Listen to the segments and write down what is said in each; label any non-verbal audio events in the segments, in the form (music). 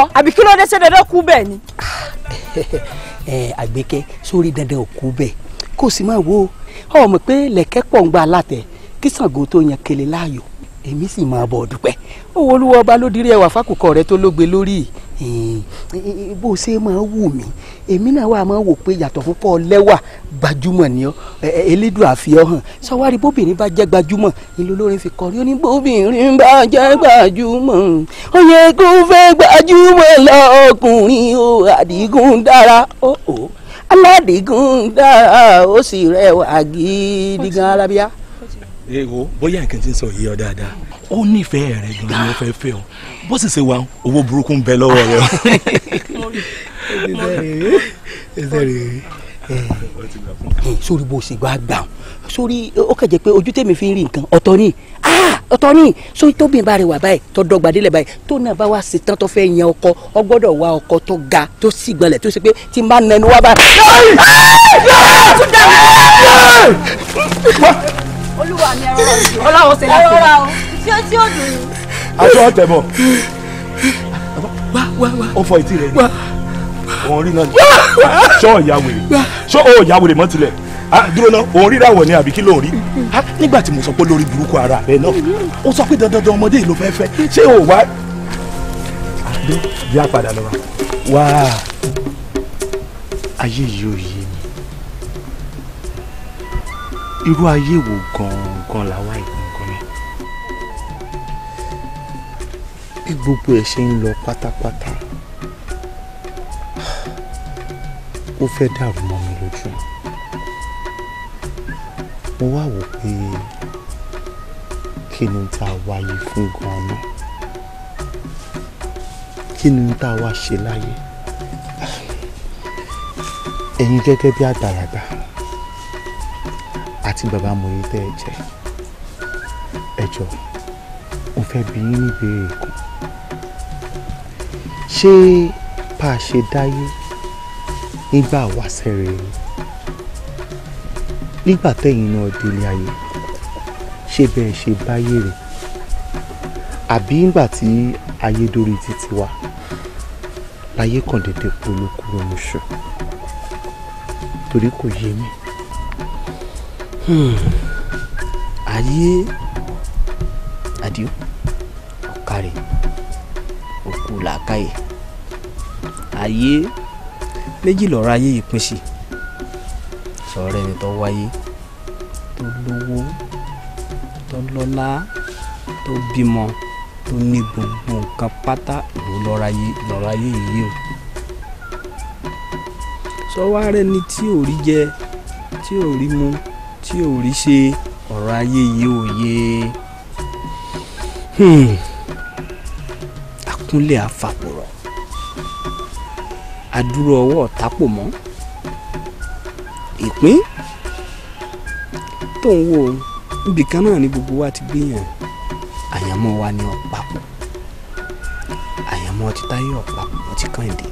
lọ àbí kí ló dé ṣe dandan kú bẹ́ẹ̀ ni. Ah, (laughs) eh, àgbékẹ́ sórí dandan ò kú bẹ́ẹ̀ kó o sì máa wo ọ mọ̀ pé lẹ̀kẹ́ pọ̀ ń gba alátẹ̀ kí Ṣàngó tó yan kele láàyò èmi sì máa bọ̀ dúpẹ́ owó olúwa ọba ló dirí ẹwà fákòkò rẹ tó lógbe lórí eh, eh, bó ṣe máa wù mí èmi náà wà máa wò pé yàtọ̀ fún lẹ́wà gbajúmọ̀ ni ọ́ elédùà fi ọ hàn sọwárí bóbìnrin bá jẹ́ gbajúmọ̀ ìlú olórin fi kọrí ó ní bóbìnrin bá jẹ́ gbajúmọ̀ ó yẹ kó fẹ́ gbajúmọ̀ lọ́kùnrin o àdìgún dára ó ó aládìgún dára ó sì rẹwà gidi gan arábíà. èèwọ̀ bóyá nǹkan ti ń sọ yìí ọ dáadáa ó nífẹ̀ẹ́ rẹ gan ni ó fẹ́ fẹ́ ọ bó sì ṣe wa owó burúkú ń bẹ lọ́wọ́ rẹ. (laughs) ẹ ṣe rí ẹ ṣe rí. Eh, sórí bó o sì gbà gbà sórí ó kàn jẹ́ pé ojú tèmi fi ń rí nǹkan ọ̀tọ̀ ni ah, ọ̀tọ̀ ni sórí tóbìn bá rẹ wà báyìí tó dọ́gba délẹ̀ báyìí tó náà bá wà sí tán tó fẹ́ yan ọkọ ọ gbọ́dọ̀ wá ọkọ tó ga tó sì gbalẹ̀ tó ṣe pé tí n bá nẹnu wá bá. olúwa mi ẹ̀rọ ọlọ́wọ́ ṣe láti rà ó tí ó tí ó dùn. aṣọ ọ̀tẹ̀ bọ̀ wá wá wá ó fọ ìtì rẹ ni òun rí náà ni ṣọ́ ìyá wèrè ṣọ́ ọ̀ ìyá wèrè mọ́ tilẹ̀ dúró náà òun ríra wọ̀ ni àbí kí ló ń rí nígbà tí mo sọ pé lórí burúkú ara rẹ náà ó sọ pé dandandan ọmọdé yìí ló fẹ́ fẹ́ ṣé o wá. àdó bí a padà lọ wa wá ayé yìí ò yé mi irú ayé wo gan-an làwa ìgbọ̀ngàn yẹn bí gbogbo ẹ̀ ṣe ń lọ pátápátá. ó fẹ́ dàrú mọ́ mi lójú mo wá wò pé kí ni tá a wáyé fún gan-an kí ni tá a wá ṣe láyé ẹ̀yin gẹ́gẹ́ bí àgbàlagbà àti bàbá mòye tẹ́ ẹ jẹ́ ẹ mo fẹ́ bi yín níbèrè kan ṣé bá a ṣe dáyé nígbà wàṣẹ rere nígbà tẹ̀yìn náà délé ayé ṣé bẹ́ẹ̀ ṣe báyé rè àbí nígbà tí ayé dórí títí wa láyé kàn dédé polókúrò níṣù torí kò yé mi hmm. ayé àdìo ọ̀kàrẹ̀ òkú làákàyè ayé méjì lọ́rọ̀ ayé yìí pín sí sọ̀rọ̀ ẹni tó wáyé tó lówó tó lọ́lá tó bímọ tó ní gbogbo nǹkan pátá ló lọ́rọ̀ ayé lọ́rọ̀ ayé yìí o sọ́wọ́ rẹ̀ ni tí ò rí jẹ tí ò rí mu tí ò rí ṣe ọ̀rọ̀ ayé yìí ò yé hmm. àkúnlẹ̀ àfàpọ̀ adúrò ọwọ́ ọ̀tá pò mọ́ ìpín tó ń wò níbi kan náà ni gbogbo wa ti gbìyàn àyànmọ́ wa ni ọ̀pápọ̀ àyànmọ́ ti Táyé ọ̀pápọ̀ mọ́ ti Kàìndé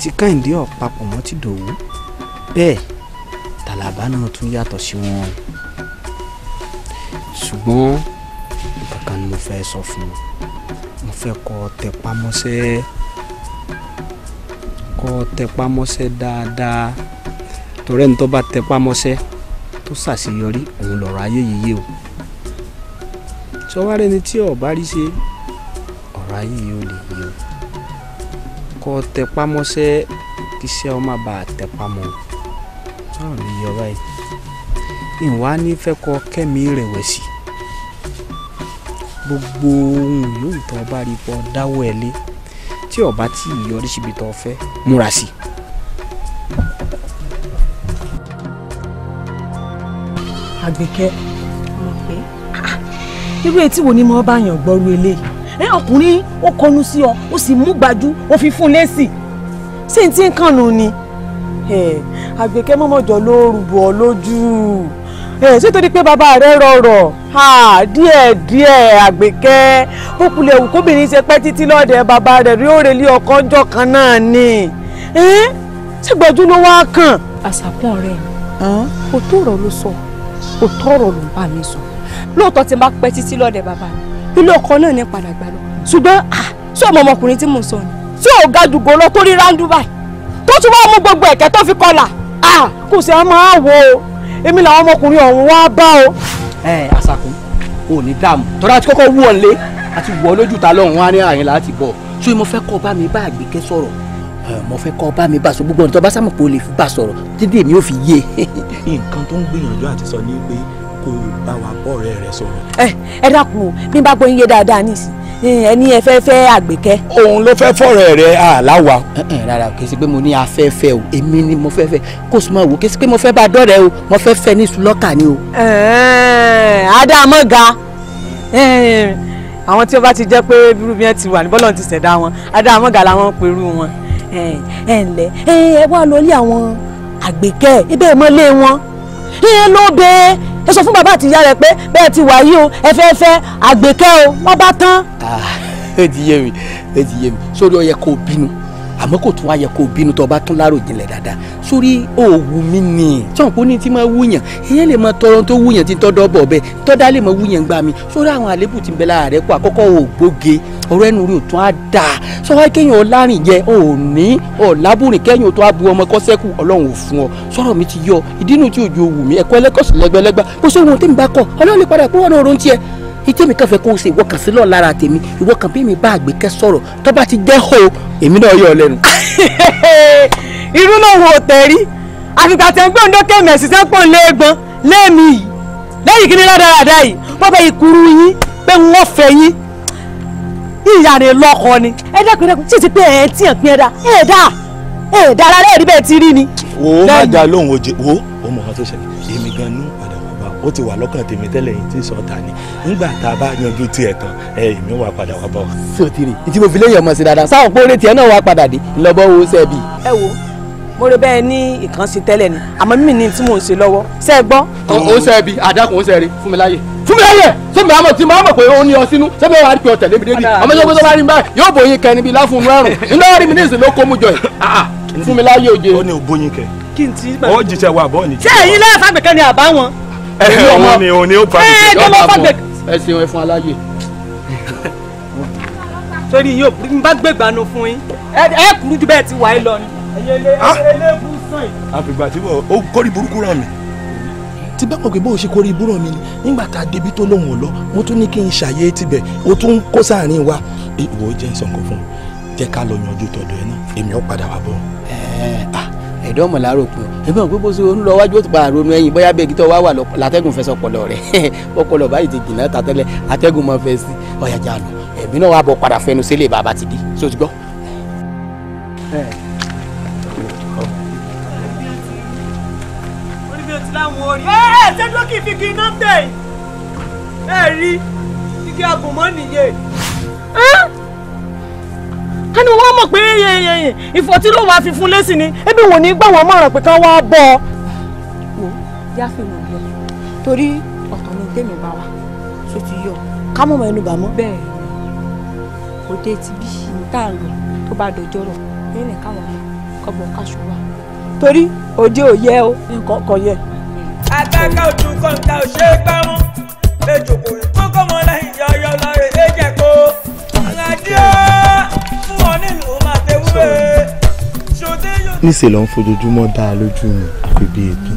ti Kàìndé ọ̀pápọ̀ mọ́ ti Dòwú bẹ́ẹ̀ Tàlàbá náà tún yàtọ̀ sí wọn ṣùgbọ́n nǹkan ni mo fẹ́ sọ fún mo fẹ́ kọ́ tẹpá mọ́ṣẹ́ kó tẹpá mọ́ṣẹ́ dáadáa torí ẹni tó bá tẹpá mọ́ṣẹ́ tó ṣàṣeyọrí òun lọ̀rọ̀ ayé yìí yé o sọwárẹ́ ni tí ọ̀bá rí ṣe ọ̀rọ̀ ayé yìí ò lè yé o kó tẹpá kí iṣẹ́ ọ má bàa tẹpá o náà lè yọ báyìí ìwà nífẹ̀ẹ́ kọ kẹ́mi rẹ̀wẹ̀sì gbogbo ohun yóò tọ́ bá rí pọ̀ dáwọ́ ẹ̀ lé tí ó bá tí ì yọrí síbi tó fẹ́ múra sí i. àgbẹ̀kẹ́. mo pé. Ah, irú etí wo ni mo bá yàn gbọ́rú eléyìí. ẹ ọkùnrin ó kọnu sí ọ ó sì mú gbajú ó fi fún un lésì. ṣé n ti ń kànnù ni. àgbẹ̀kẹ́ mọ́mọ́jọ ló rúbọ lójú ẹ ṣé torí pé bàbá rẹ rọrọ díẹ̀ díẹ̀ àgbékẹ́ ó kulẹ̀ òkú obìnrin ṣe pẹ́ títí lọ́dẹ̀ bàbá rẹ̀ rí òrèlé ọkọ̀ ọjọ́ kan náà ni ṣègbọ́jú ló wá kàn. àṣàpọ̀ ọ̀rẹ́ mi òtó ọ̀rọ̀ ló sọ òtó ọ̀rọ̀ ló ń bá mi sọ lóòótọ́ ti máa pẹ́ títí lọ́dẹ̀ bàbá mi ilé ọkọ náà ní padà gbà lọ ṣùgbọ́n ṣé ọmọ ọmọkùnrin tí mò ń sọ ni tí ò ga jù gòló tó rí rándú báyìí tó tún wá mú gbogbo ẹ̀kẹ́ tó fi kọlà kò sí ọmọ àwọ̀ o èmi làwọn ọmọkùnrin ọ̀hún wá bá o. ẹ asakun ò ní dààmú tọ́lá ti kọ́kọ́ wú ọ lé àti wù ọ lójú ta lọ́hùn wá ní àyìn láti bọ̀ ṣé mo fẹ́ kọ́ bá mi bá àgbékẹ́ sọ̀rọ̀ mo fẹ́ kọ́ bá mi bá sọ gbogbo ọ̀nà tó bá sàmùpọ̀ lè fi bá sọ̀rọ̀ dídè mi ò fi yé. (laughs) nǹkan tó ń gbìyànjú àti sọ ni pé kó bá wa bọ́ ọ̀rẹ́ rẹ sọ̀rọ̀. ẹ ẹ dákun o bí n bá gbóyin yé dáadáa nísìnyí ẹni ẹ fẹ́ fẹ́ àgbẹ̀kẹ́. òun ló fẹ́ fọ̀rọ̀ rẹ àláwa. rárá kì ṣe pé mo ní afẹ́fẹ́ o èmi ni mo fẹ́ fẹ́ kó sùn máa wò kì í ṣe pé mo fẹ́ bá dọ́rẹ̀ o mo fẹ́ fẹ́ ní sùlọ́kà ni o. adámọ́ga àwọn tí ó bá ti jẹ́ pé bírú bí wọ́n ti wà ní bọ́lọ̀ ti ṣẹ̀dá wọn adámọ́ga làwọn pẹ̀lú wọn ẹ ǹlẹ́ ẹ wá lọ lé àwọn àgbẹ̀kẹ́ ibẹ̀ mọ́lé wọn ẹ ló ẹ sọ fún bàbá àti ìyá rẹ pé bẹ́ẹ̀ ti wà yìí o ẹ fẹ́ fẹ́ àgbékẹ́ o wọ́n bá tán. Ah, (laughs) ó ti yé mi ó ti yé mi sórí ó yẹ bínú àmọ́ kò tún wá yẹ kó o bínú tó o bá tún lárò jinlẹ̀ dáadáa sórí òwú mi nì tọ́hún kó ní tí máa wúyàn ìyẹn lè máa tọrọ tó wúyàn tí tọ́dọ̀ bọ̀ bẹ́ẹ̀ tọ́dá lè máa wúyàn gbà mí sórí àwọn àlébù tí ń bẹ lára rẹ kó àkọ́kọ́ ò gbóge ọ̀rọ̀ ẹnu rí òtún á dà sọ wá kéèyàn ọlárìn jẹ ò ní ọ̀làbùrìn kéèyàn á bu ọmọ kọ́sẹ́kù ọlọ́run ò fún ọ sọ̀rọ̀ mi ti yọ ìdínú tí òjò wù mí ẹ̀kọ́ ẹlẹ́kọ̀ọ́sì lẹ́gbẹ́lẹ́gbà kó sóhun tí ń bá kọ ọlọ́run lè padà pé náà ronú tiẹ̀ ìtẹ́mi kan fẹ́ kó o ṣe ìwọ kan sí lọ́ọ̀ lára tèmi ìwọ kan bí mi bá àgbékẹ́ sọ̀rọ̀ tó bá ti jẹ́ hó èmi náà yọ ọ lẹ́nu. (laughs) irú náà wo tẹ̀rí àfìgbà tẹ̀ ń gbọ́n dókè mẹ̀sì sẹ́pọ̀ léegbọn lémi yìí lẹ́yìn kí ni ládàradà yìí wọ́n fẹ́ ìkúrú yín pé wọ́n fẹ́ yín ìyá rẹ̀ lọ́kọ ni ẹ dákun dákun títí pé ẹ tí ẹ pín ẹ dá ẹ dá ẹ dá ara rẹ̀ rí bẹ́ẹ̀ ti rí ni. o má jà lóhùn oje o ò mọ̀ ọ́ tó ṣẹlẹ̀ èmi gan-an ó ti wà lọ́kàn tèmi tẹ́lẹ̀ yìí tí sọ́ta ni nígbà tá a bá yanjú tiẹ̀ tán ẹ èmi wà padà wà bọ̀ wá. sotiri ìtí mo fi lè yọmọ sí dáadáa sáwọn péré tiẹ̀ náà wà padà dé lọ́bọ̀ wo sẹ́ẹ̀bì. ẹ wo mo rí bẹ́ẹ̀ ní ìkànsí tẹ́lẹ̀ ni àmọ́ mímì ní tí mò ń ṣe lọ́wọ́ sẹ́ẹ̀ gbọ́. o sẹ́ẹ̀bì àdàkùn ó sẹ́ẹ̀rì fún mi láyè fún mi láyè sẹ́mi àmọ̀ tí màá mọ̀ pé ó ní ọ sínú sẹ́mi wàá pè ọ tẹ̀lé mi débi ọmọ ìjọba tó bá rí mi báyìí yóò bòyin kẹ́ni bíi láfún un rárùn iná rí mi ní ìsìn ló kó mu jọ yìí ah, ah, fún mi láyé oje. ó ní o bóyin kẹ kí n ti. ó jìṣẹ́ wa bọ́ọ̀ ni ọmọ ni òun ni ó bá mi. ẹ lọ bá gbẹ. ẹ ṣeun ẹ fún aláyè. torí yóò n bá gbẹgbanu fún yín ẹ kúrú ju bẹ́ẹ̀ ti wà ẹ lọ ni. Ah! àfìgbà tí ó kórì burúkú ràn mí. ti bá mọ̀ pé bóun ṣe kórì búrọ̀ mi ni nígbà tá a débi tó lóun ò lọ mo tún ní kí n ṣàyè tibẹ̀ o tún kó sáàrin wa. ìwọ jẹ́ sọ̀kan fún un jẹ́ ká lọ yanjú tọ̀dọ̀ ẹ náà èmi ò padà wá bọ̀. ẹ ẹ ah ẹ̀dọ́ ọmọ làárọ̀ pé ẹ̀bí wọn pé bó ṣe ń lọ wájú ó ti padà ronú ẹ̀yìn bóyá bẹ́ẹ̀ gítọ́ wá wà látẹ́gùn fẹsẹ̀ ọpọlọ rẹ̀ (laughs) ọpọlọ báyìí ti jìnnà ta tẹ́lẹ̀ atẹ́gùn mọ́ fẹ́ sí ọ̀yà jà lọ ẹ̀mí náà wà bọ̀ padà fẹnu sílé bàbá ti di ṣó ti gbọ́. ẹ ṣe dókì fi kí iná tẹ̀ ẹ rí igi àgùnmọ́ nìyẹn ká ní wọ́n mọ̀ pé ìfọ̀tí ló wàá fi fún lẹ́sìn ni ebi wò ní gbà wọ́n mọ̀ràn pé kán wá bọ̀ ọ́. wò yá fi wò lọ torí ọ̀tọ̀ ni tèmi bá wa tó ti yọ ká mọ̀ mọ̀ ẹnu bà mọ́. bẹ́ẹ̀ òde ti bí níta lọ tó bá dojọ́ rọ̀ yín ní káwọn kọ́bọ̀ káṣù wa torí òde ò yẹ o nǹkan kan yẹ. àtàkà òtún kọ́ńtà ò ṣe é gbámú lẹ́jọ̀kọ̀ ìkókò mọ́ lẹ́yìn yọ̀ọ́yọ́ níṣẹ́ ló ń fojoojúmọ́ dá a lójú mi àfi bí ètò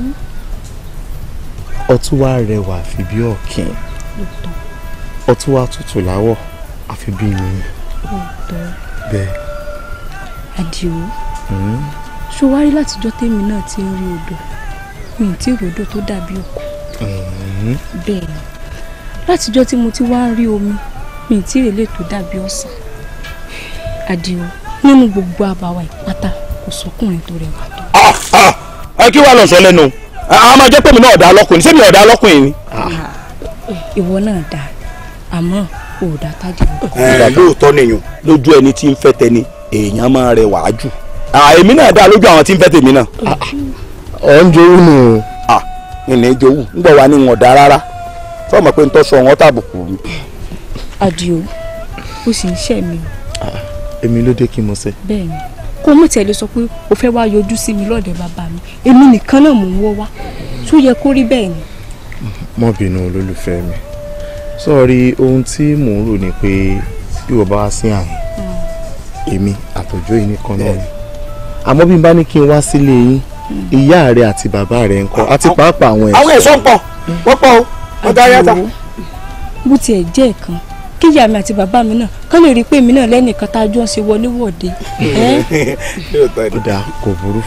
ọtún wá rẹwà àfi bí ọ̀kìn ọtún wá tutù láwọ̀ àfi bí yìnyín bẹ́ẹ̀. àdìo hmm. ṣó wá rí látijọ́ tèmi náà ti ń rí odò mi ò tí ì ròdò tó dàbí òkú hmm. bẹ́ẹ̀ ni látijọ́ tí mo ti wá ń rí omi mi ò tí ì rèlè tó dàbí ọ̀sán. àdìo nínú gbogbo àbáwá ìpátá kò sọkùnrin tó rẹwà tó. Ah, ah, ẹ kí lọ sọ lẹnu ah, a máa jẹ pé mi náà dá lọ́kùnrin ni. ìwọ náà dá àmọ́ ò dá tájì. Eh, lóòótọ́ nìyẹn lójú ẹni tí ń fẹ́ tẹni èèyàn máa á jù èmi náà dá lójú àwọn tí ń fẹ́ tèmi náà. ọ̀ ń jowú nù. jowú ń ní wọn dá rárá fọmọ pé ń tọ́ sọ wọn tàbùkù. ó sì èmi ló dé kí mo ṣe. bẹ́ẹ̀ni kó mú tẹ̀lé sọ pé o fẹ́ wá yọjú sí mi lọ́dọ̀ bàbá mi èmi nìkan náà mò ń wọ́ wá tó yẹ kó rí bẹ́ẹ̀ ni. mọ́ bínú olólùfẹ́ mi sọ́ọ̀rí ohun tí mò ń rò ni pé bí wọ́n bá wá sí àyìn hmm. èmi àtọ̀jọ́ yìí nìkan náà ni àmọ́ bí n bá ní kí n wá sílé yín hmm. ìyá rẹ àti bàbá rẹ ńkọ́ ah, àti ah. pàápàá àwọn ẹ̀ṣọ́. àwọn ẹ̀ṣọ́ ń pọ̀ wọ́n pọ̀ ó wọ́n dá yàtọ̀. bó tiẹ̀ jẹ́ ẹ̀kan kí ìyá mi àti bàbá mi náà kán lè rí i pé èmi náà lẹ́nìkan tá a jọ ń ṣe wọléwọ̀de. ó dáa kò burú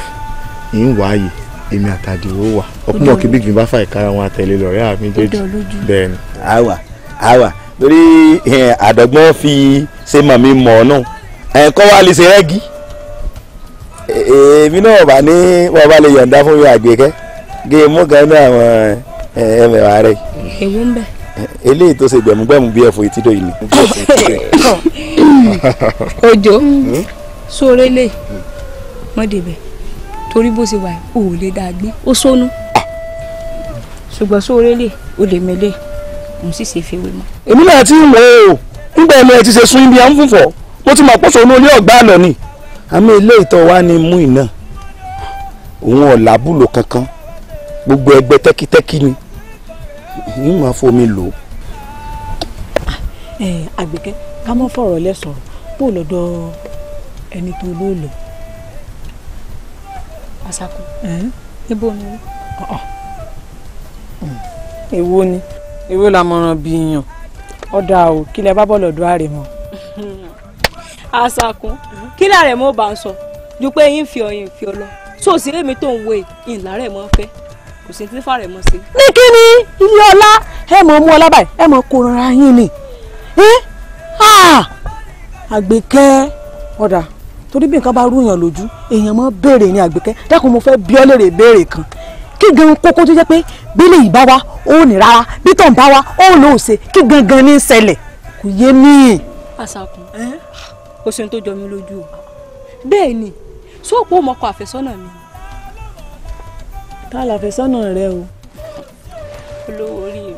ìyín wáyé èmi àtàdìwó wà ọkùnrin ọkì bíi bá fà ìkara wọn àtẹlẹ lọrẹ àmì jẹjì bẹ́ẹ̀ ni. àwà àwà torí àdọ́gbọ́n fi ṣe màmí mọ̀ ọ́ náà ẹ̀ kọ́ wa lè ṣe rẹ́gí èmi náà bá ní wọ́n bá lè yọ̀ǹda fún mi àgbẹ̀kẹ́ gé mú gan ní àwọn ẹ̀mẹ̀wá rẹ̀. èwo ń bẹ̀ eléyìí tó ṣe gbẹ̀múgbẹ̀mú bí ẹ̀fọ́ ìtìdó yìí ni. òjò hmm? sóore lè mọ́débẹ̀ torí bó ṣe wà ò lè dáa gbé ó sónú ah. ṣùgbọ́n sóore lè ó lè mẹ́lẹ̀ òun sì ṣe fèwé mọ́. èmi náà ti ń wọ o nígbà ẹni ẹ ti ṣe sun ibi à ń fún fọ mo ti mọ àpòṣọ ní olé ọgbà àná ni. àmì ilé ìtọ́ wa ni mú iná òun ọ̀làbùlò kankan gbogbo ẹgbẹ́ tẹ́kítẹ́kí ni ń máa fomi lò. Ah, eh, àgbẹ̀kẹ́ ká mọ́ fọ̀rọ̀ lẹ́sọ̀rọ̀ bó lọ́dọ̀ ẹni tó ló lò. àṣàkó níbo ni. Ah, ah. Hmm. èwo ni èwo la mọ̀ràn bí yàn ọ̀dà o kí lẹ bá bọ̀ lọ́dọ̀ àrèmọ. àṣàkó kí làrẹ̀ mọ́ bá ń sọ ju pé yín fi ọyìn fi ọ lọ sóòsì èmi tó ń wo ìlà rẹ̀ mọ́ fẹ́ kò sí tí fàrẹ̀ mọ́ sí. ní kí ni iye ọlá ẹ mọ̀ mú ọlá báyìí ẹ mọ̀ kó rọra yín ni àgbékẹ́ ọ̀dà torí bí nǹkan bá rúyàn lójú èèyàn mọ́ béèrè ní àgbékẹ́ dákun mo fẹ́ bí ọ léèrè béèrè kan kí gan kókó tó jẹ́ pé bílẹ̀ yìí bá wa ó ní rárá bí tàn bá wa ó lò ó ṣe kí gangan ní ṣẹlẹ̀ kò yé mi. àṣàkùn kò sí ohun tó jọ mi lójú o bẹ́ẹ̀ ni sóòpù ò mọ́kọ mi ta làfẹ́sọ́nà rẹ o. olówó orí mi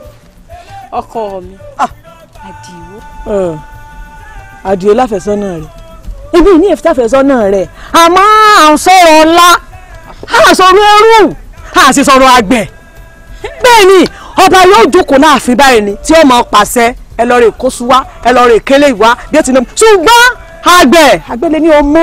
ọkọ mi ah! àdìo. àdìo láfẹ́sọ́nà rẹ ibi ìní ìfẹ́sọ́nà rẹ àmọ́ à ń sọ̀rọ̀ ọlá à ń sọ̀rọ̀ ẹrú à sì sọ̀rọ̀ àgbẹ̀ bẹ́ẹ̀ ni ọba yóò jókòó láàfin báyìí ni tí ó máa pàṣẹ ẹ lọ rè kóṣù wá ẹ lọ rè kélé ìwá bí ó ti náà ṣùgbọ́n àgbẹ̀ àgbẹ̀ lè ní o mú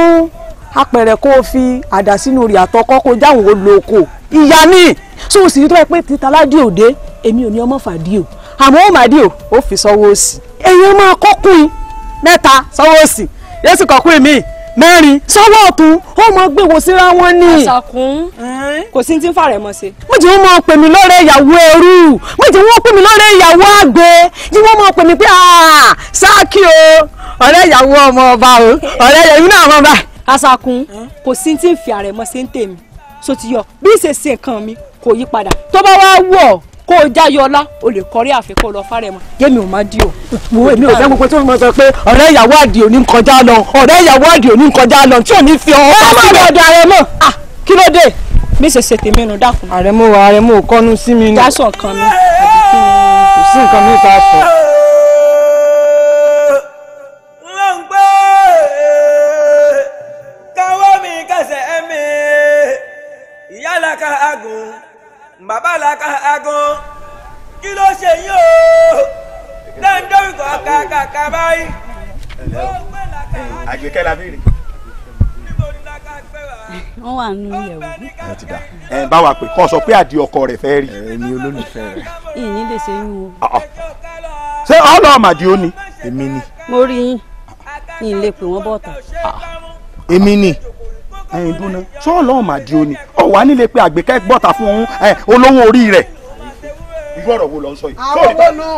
apẹ̀rẹ̀ kó o fi àdá sínú rẹ̀ àtọkọ́ kó jáwọ́ ó ìyá mi so òsì tó bá pé títa ládì òde èmi ò ní ọmọ fàdí o àmọ́ ó màdí o ó fi sọ́wọ́ òsì èèyàn máa kọ́kùn mẹ́ta sọ́wọ́ òsì yẹ́sì kọ́kùn mi mẹ́rin sọ́wọ́ ọ̀tún ó mọ gbéwò síra wọn ni. àṣàkùn kò sí ti ń fàrẹ̀ mọ́ sí. mo jẹ́ wọ́n máa pè mí lọ́rẹ́ ìyàwó ẹrú mo jẹ́ wọ́n pè mí lọ́rẹ́ ìyàwó àgbẹ̀ jẹ́ wọ́n máa pè mí pé ṣáàkì o ọ̀rẹ́ ìyàwó ọmọ ọba o ọ̀rẹ́ ìyàwó náà ọmọ ọba. àṣàkùn kò sí ti ń fi àrẹ̀ mọ́ sí ń tèmi so ti yọ bí ṣe ṣe nǹkan mi kò yí padà tó bá wá wọ̀ kó o jáyọ ọlá o lè kọrí àfikún lọ fárẹ mọ yémi ò má dí o. wo èmi ò fẹ́ gbogbo tí wọ́n sọ pé ọ̀rẹ́ ìyàwó àdìo ní kọjá lọ ọ̀rẹ́ ìyàwó àdìo ní kọjá lọ tí ò ní fi ọ̀hún. ẹ má lọ ọ̀dọ̀ ààrẹ mọ ah, kí ló dé mi ṣe ṣe tèmi nù dákun. ààrẹ mo ààrẹ mo kọ́nu sí mi ni. jásọ̀ kan mi àbí kí ni kò sí nǹkan mi ta sọ. bàbá làkà àgùn bàbá kí ló ṣe yín o dandorukọ kàkàkà báyìí. àgbékẹ́ la wà nù yẹ̀wò. ẹ ti da ẹ wa pé kọ́ sọ ọkọ rẹ̀ fẹ́ rí. olólùfẹ́ lè ṣe yín o. Ah, ah. ṣé ọlọ́ọ̀màdì ó ni. Emi ni. mo ah, ni. ẹyin dúná ṣé ọlọ́run mà di òní ọ̀wá nílé pé àgbékẹ́ gbọ́ta fún òun olówó orí rẹ̀ irú ọ̀rọ̀ wo lọ sọ yìí. àwọn wo nù.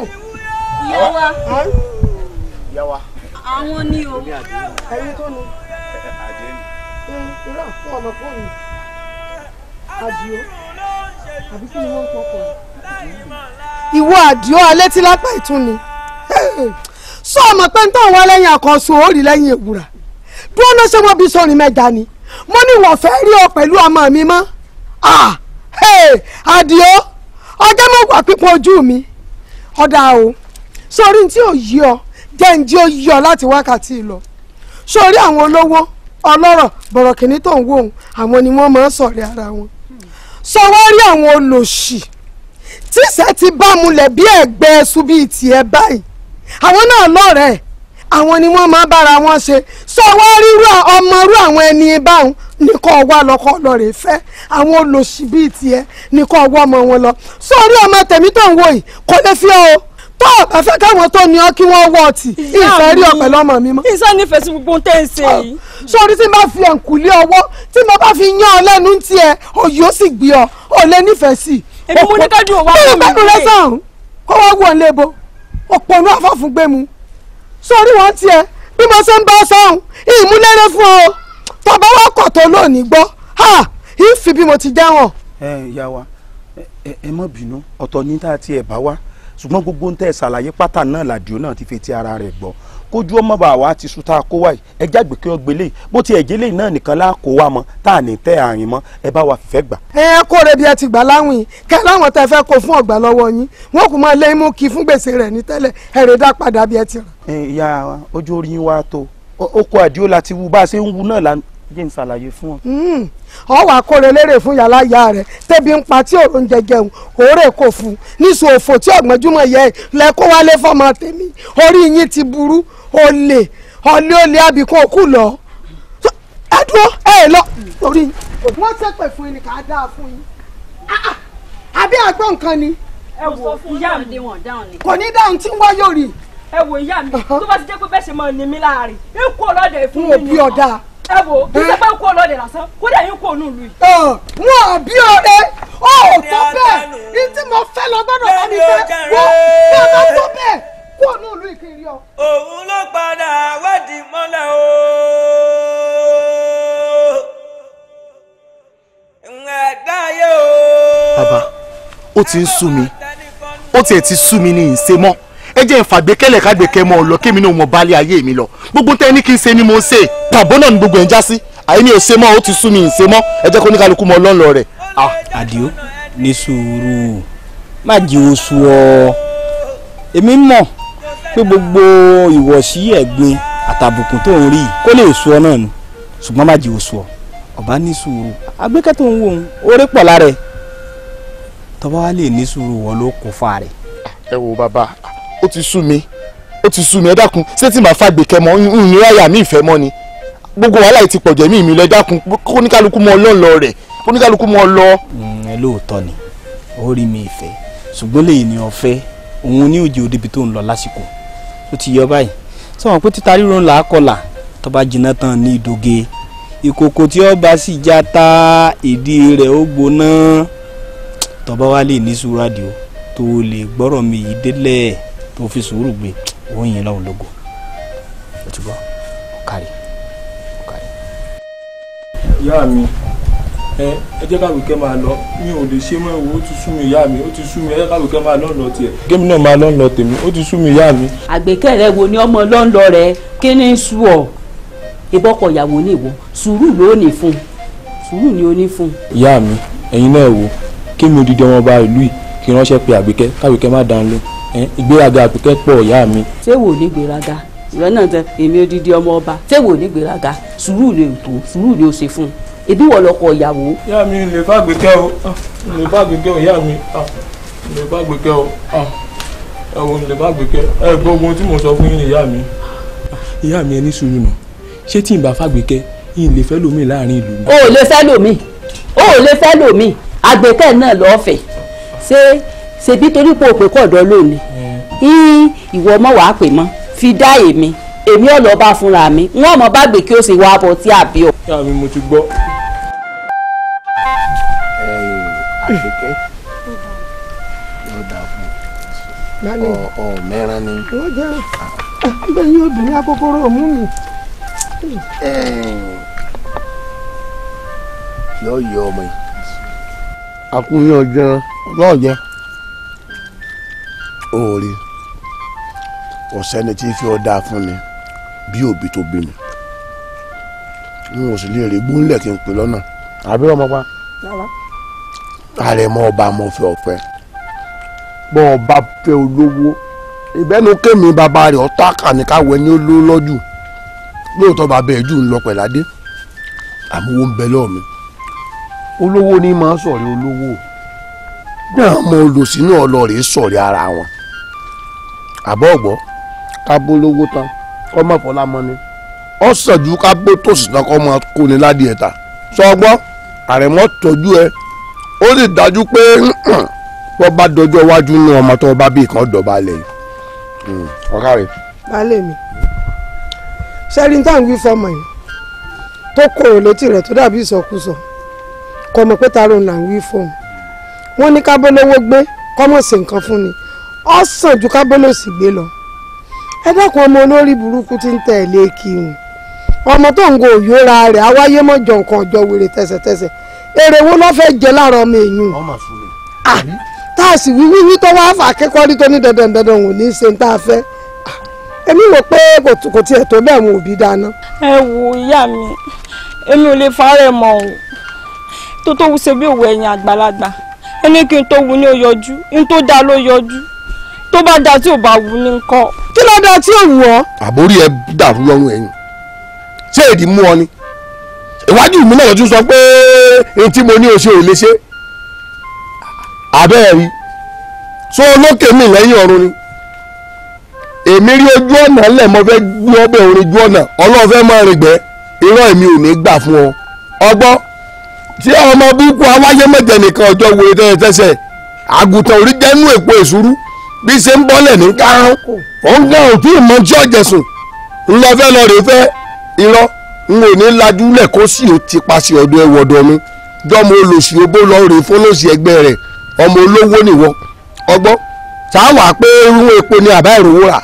ìyá wa. ìyá wa. àwọn ni o. ẹyin tó nu. àdéhùn. irọ́ fún ọmọ fóònù àdìo àbí kí ni wọ́n ń pọkàn. ìwọ àdìo alẹ́ tí lápá ìtún ni sọ ọmọ pé ń tàn wá lẹ́yìn àkànṣe òórì lẹ́yìn èwúrà dúró náà ṣé wọ́n bí sọ̀rìn mẹ́ta ni mo ní wọ́n fẹ́ rí ọ pẹ̀lú ọmọ mi mọ́ àdìo ọjọ́ mọ̀gbà pípọ̀ ojú mi ọ̀dà o sórí tí ò yí ọ jẹ́ ń jẹ́ ó yí ọ láti wákàtí lọ sórí àwọn olówó ọlọ́rọ̀ bọ̀rọ̀kìnní tó ń wò ó àwọn ni wọ́n máa ń sọ̀rẹ́ ara wọn sọ wá rí àwọn olòṣì tíṣẹ́ ti bá mulẹ̀ bí ẹ̀gbẹ́ ẹṣu bíi tiẹ̀ báyìí àwọn náà lọ́rẹ̀ẹ́ àwọn ni wọ́n máa bára wọn ṣe sọ wá rírú ọmọrú àwọn ẹni báwọn nìkan ọwọ́ àlọ́kọ́ lọ́ọ̀rẹ́ fẹ́ àwọn olòṣì bíi tiẹ̀ nìkan ọwọ́ ọmọ wọn lọ sórí ọmọ tèmi tó ń wò yìí kò lè fi ọ́ tó ọ̀bẹ fẹ́ káwọn tó ní ọ kí wọ́n wọ̀ ọ̀tì ìfẹ́ rí ọ̀pẹ lọ́mọ mi mọ́. iṣẹ́ nífẹ̀ẹ́ sí gbogbo tẹ́ ń ṣe yìí. sórí tí n bá fi ẹ̀ǹkùlé ọwọ́ tí mo bá fi yán ọ lẹ́nu tiẹ̀ òyì ó sì gbé ọ ò lè nífẹ̀ẹ́ sí. èmi mo ní kájú òwò mi rè kí ló bẹ́ẹ̀ nù lẹ́sàn-án kó wá wọ̀ ọ́ lébo òpònú àfọ̀fún gbé mu sórí wọn tiẹ̀ bí mo ṣe ń bá sọ́hún ìmúlẹ́rẹ́ fún ọ tọ́ba wọn kọ̀ tó lónìí gbọ́ ha ìfi bí mo ti jáwọ̀n. ẹ ìyá wa ẹ má bínú ọ̀tọ̀ ní tá a ti ẹ̀ bá wa ṣùgbọ́n gbogbo ń tẹ̀ ṣàlàyé pátá náà làdìo náà ti fi ti ara rẹ̀ gbọ́ kójú ọmọ bá wa ti sùn tá a kó wa yìí ẹ jágbe kí wọ́n gbélé yìí bó ti ẹ̀jẹ̀ lẹ́yìn náà nìkan lá kó wa mọ tá a ní tẹ́ àárín mọ́ ẹ bá wa fìfẹ́ gbà. ẹ kó rẹ bí ẹ ti gbà láwìn kẹ láwọn tẹ fẹ́ kó fún ọgbà lọ́wọ́ yín wọn kò máa lé imú kí fún gbèsè rẹ ní tẹ́lẹ̀ ẹ rẹ dá padà bí ẹ ti rà. ìyá ojú orí wa tó oko àdìo la ti wu bá a ṣe ń wu náà la jẹ́ ń ṣàlàyé fún ọ. Hmm. ọ wà kóre lérè fún yàrá ìyá rẹ tẹbi ń pa tí òòrùn jẹjẹun òórè kò fún nísòòfò tí ọgbọ̀njúmọ̀ yẹ lẹ wálé fọmọ tèmi orí yín ti burú olè olè olè àbíkún òkú lọ ẹ dúró ẹ lọ. wọ́n ṣépè fún yín ni kà á dáa fún yín ah, ah, àbí àgbọ̀ nǹkan ni. ẹ wo ìyá mi kò ní dáhùn tí wọ́n yóò rí. ẹ wo ìyá mi tó bá ti jẹ́ pé bẹ́ẹ̀ ṣe máa ní mi láàárín ẹ kú ọlọ́dẹ fún mi ni. n ò bí ọ̀dà. ẹ wo kí sẹ́pẹ́ ń kú ọlọ́dẹ lásán kódà yín kú òun ìlú yìí. wọn ò bí ọ̀rẹ́ ó tó bẹ́ẹ̀ ní tí mo fẹ́ lọ gbọ́dọ̀ bá mi fẹ́ wọ́n bá tó bẹ́ẹ̀ kú ọ̀nà òlu ìkiri ọ. òun ló padà wádìí mọ́lẹ̀ o. ẹ̀dá ayé o. bàbá ó ti ń sú mi ó tiẹ̀ ti sú mi ní ìṣe mọ́ ẹ jẹ́ ìfàgbékẹ́lẹ̀ kágbékẹ́ mọ́ ọ lọ kémi náà mọ baálé ayé mi lọ gbogbo tẹ́ ní kí n ṣe ni mo ń ṣe pàbó náà ni gbogbo ẹ̀ ń já sí àyè mi ò ṣe mọ́ ó ti sú mi ìṣe mọ́ ẹ jẹ́ kó ní kálukú mọ́ ọlọ́ọ̀lọ́ rẹ̀. Ah, àdìo ní sùúrù má jí o ọ èmi mọ̀ pé gbogbo ìwọ̀sí ẹ̀gbin àtàbùkù tó ń rí kó lè sọ náà ni ṣùgbọ́n má jẹ́ oṣù ọ ọba ní sùúrù agbẹ́kẹ́ tó ń wò ń orí pọ̀ lára ẹ̀ tọ́ba wa lè ní sùúrù wọ́n ló kó fa rẹ̀. ẹ wo bàbá ó ti sú mi ó ti sú mi ẹ dákun ṣé tí màá fàgbèkẹ mọ ń rẹ àyà mi ìfẹ́ mọ ni gbogbo wàhálà yìí ti pọ̀ jẹ́ mí mi lọ ẹ dákun kóníkálukú mọ ọlọ́ọ̀lọ́ rẹ̀ kóníkálukú mọ ọlọ́. Mm, ẹ lóòótọ́ ni ó rí mi ìfẹ́ ṣùgbọ́n lèyìn ni ọ̀fẹ́ òun ní òjì òdebi tó ń lọ lásìkò ó ti yọ báyìí sọ̀rọ̀ pé títa ríro ńlá kọlà tó bá jiná tán ní ìdòge ìkòkò tí ọba sì já ta ìdí rẹ̀ ó gbóná tó bá lè ní súrádìó tó lè gbọ́rọ̀ mi yìí délẹ̀ tó fi sùúrù gbé òun yìí lọ́hùn lógo ọ̀kàrí ọ̀kàrí. ìyá mi ẹ ẹ jẹ́ káwé kẹ́ máa lọ mi ò lè ṣe mọ́ ìwò ó ti sú mi ìyá mi ó ti sú mi ẹ jẹ́ káwé kẹ́ máa lọ́nlọ tiẹ̀ gémi náà máa lọ́nlọ tèmi ó ti sú mi ìyá mi. àgbékẹ́rẹ́ wo ni ọmọ lọ́nlọ rẹ kí ni sú ọ ìbọ́kọ̀ ìyàwó ní ìwọ sùúrù ló ní fún sùúrù ni ó ní fún. ìyá mi ẹ̀yin náà wo kí mi odidi ọmọ ọba ìlú yìí kí ránṣẹ́ pe àgbékẹ́ káwékẹ́ má dáa lọ ìgbéraga àgbékẹ́ pọ̀ ìyá mi. ṣé wò ní gbéraga ìwọ náà tẹ èmi odidi ọmọ ọba ṣé wò ní gbéraga sùúrù lè tó sùúrù lè ó ṣe fún un ebi wọ lọkọ ìyàwó. ìyá mi lè bá gbẹkẹ o ah, lè bá gbẹkẹ o ìyá mi ah, lè bá gbẹkẹ o ah, ẹwọn lè bá gbẹkẹ ẹ gbọ́ ohun tí mo sọ fún yín ìyá mi. ìyá mi ẹni sùúrù nù ṣé tí n bá fàgbẹkẹ yín lè fẹ́ lómi láàrin ìlú mi. o ò lè fẹ́ lómi o ò lè fẹ́ lómi àgbẹ̀kẹ́ náà lọ́ọ́ fẹ̀ ṣé ṣèbí torí pé òpè kọ̀dọ̀ lónìí ìwọ mọ̀ wàá pè mọ́ fi dá èmi èmi ọ̀lọ́ bá fúnra mi wọ́n mọ̀ bá gbèkí ó sì wá bọ̀ tí àbí ọ. ìyá mi mo ti gbọ́. àgbẹ̀kẹ́ yóò dáa fún ọ ọ mẹ́ran ni. wọ́n jẹ́ ibẹ̀ ah. yóò dùn ní akókóró òmù mi. yóò yọ ọmọ yìí. àkúnyẹ ọjọ́ náà jẹ́ òòrè ọ̀sẹ́ni tí fi ọ́ dáa fún ni bí òbí tó bí mi n ò sì lè rí gbóńlẹ̀ kí n pè lọ́nà àbí ọmọ pa. àrẹ̀mọ ọba mo fẹ́ ọ̀fẹ́ bọ́ ọba fẹ́ olówó ìbẹ́nu bàbá rẹ̀ ọ̀tá kàníkàwé ní olówó lọ́jù lóòótọ́ bàbá ẹ̀jú ń lọ pẹ̀ládé àmúwò ń bẹ ni sọ̀rí olówó sọ̀rí ara wọn ká bó lówó tán kọ́ mọ̀ fọlá mọ́ ni sàn ju ká bó tòsí tán kọ́ mọ́ ta sọ ọgbọ́n àrẹ̀mọ́ tọ́jú o sì dájú pé wọ́n bá dọjọ́ iwájú nínú ọmọ tó bá bí kan dọ̀bálẹ̀ yìí hmm, ọ̀kàrẹ̀. baálé mi ṣẹ́rí ń wí fọmọ yìí tó kòrò létí rẹ̀ tó dàbí ìsọkúsọ mọ̀ pé taro là ń wí fóun ní kábólówó gbé kọ́mọ̀ sí nǹkan fún ni ọ sàn ju kábólòsì gbé lọ ẹ dákun ọmọ olórí burúkú n ọmọ tó ń go òyòra rẹ̀ awáyé mọ́jọ nǹkan ọjọ́ èrè wo ló fẹ́ jẹ lára ọmọ èèyàn tá a sì wí wíwí tó wá fà kékọ́rí tó ní dandan dandan òun ní í ṣe ń tá a fẹ́ èmi rò pé kò tiẹ̀ tó bẹ́ẹ̀ wọn òbí dáná. ẹ wo ìyá mi èmi ò lè fàárẹ̀ mọ́ o tó tó wù ṣe bí òwe ẹ̀yìn àgbàlagbà ẹni kí n tó wù ní ó yọjú n tó dáa ló yọjú tó bá dáa tí ò bá wù ní nǹkan. kí ló dáa tí ò wù ọ́. àbórí ẹ dàrú lọ́rùn ẹ̀yìn ṣé èdè mú ọ ni. iwájú mi náà tún sọ pé etí mo ní oṣù ò lè ṣe so olókè mi lẹ́yìn ọ̀run ni èmi rí ojú ọ̀nà ńlẹ̀ mo fẹ́ gbé ọbẹ̀ orin ju ọ̀nà ọlọ́run fẹ́ máa rìn gbẹ́ irọ́ èmi ò ní gbà fún ọ ọgbọ́ tí ọmọ búkú awáyé mẹ́jẹ nìkan ọjọ́ wo tẹ́lẹ̀ tẹ́sẹ̀ àgùntàn orí jẹ́nu èpo ìṣúrú bí ṣe ń bọ́lẹ̀ ní kárán òun gan òtún ìmọ̀ tí ọ̀jẹ̀sùn ńlọ fẹ́ lọ rèé fẹ́ irọ́ n ò ní lajú lẹ̀ kó sì ó ti paṣẹ ọ̀dọ̀ ẹ̀wọ̀dọ̀ mi jọ́mọ olòṣì obó lọ rè fọlọ́sì ẹgbẹ́ rẹ̀ ọmọ olówó nìwọ ọgbọ́n sáwà pé irun epo ni àbá ìrówó rà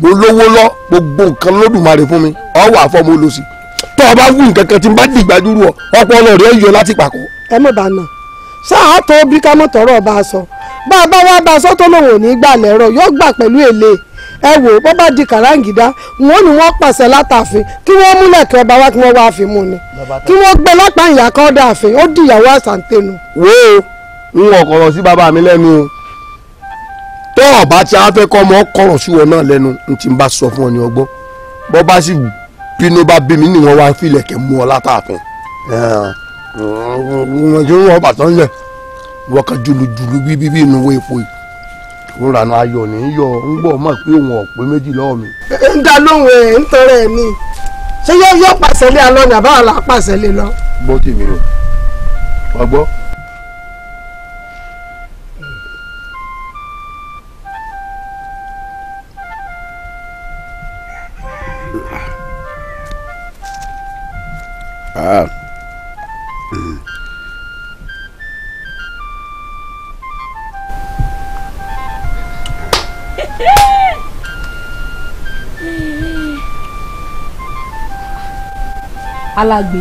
mo lówó lọ gbogbo nǹkan lódùmarè fún mi ọwọ́ àfọmọ olòṣì tó o bá wù nǹkan kan tí n bá dìgbà dúró ọ ọpọlọ yọ láti pàkó. ẹ mọ̀ bá náà sáà tó bí ká bá a sọ bá a bá wá bá a sọ tó lòun ò ní gbà lẹ́rọ̀ yóò gbà pẹ̀lú èlé ẹ wò bó bá di kàráǹgídá wọn ò ní wọn pàṣẹ látàfin kí wọn múlẹ̀ kí ọba wa kí wọn wá àfin mú ni kí wọn gbé lápá ìyá kan dà àfin ó di ìyàwó àsàǹtẹnu. wo n ò kọ̀rọ̀ sí bàbá mi lẹ́nu o tó ọba tí a fẹ́ kọ́ ọmọ kọ̀rọ̀ sí wọn náà lẹ́nu n ti bá sọ fún ọ ní ọgbọ́n bó bá sì bínú bá bí mi ni wọn wá filẹ̀ kẹ́ mú ọ látàfin wọn kì í wọn bàtọ́ ńlẹ̀ wọn kà jùlùjùlù bíbí inú wo epo yìí. ńlànà ayọ̀ ní yọ ń gbọ́ mọ̀ pé òun ọ̀pẹ méjì lọ́wọ́ mi. ń da lóhùn ẹ̀ ń tọrọ ẹ̀ ṣé yóò yọ pàṣẹ lé ni àbáwọn là pàṣẹ lé lọ. gbọ́ tèmi o gbọ́. Ah. alágbe.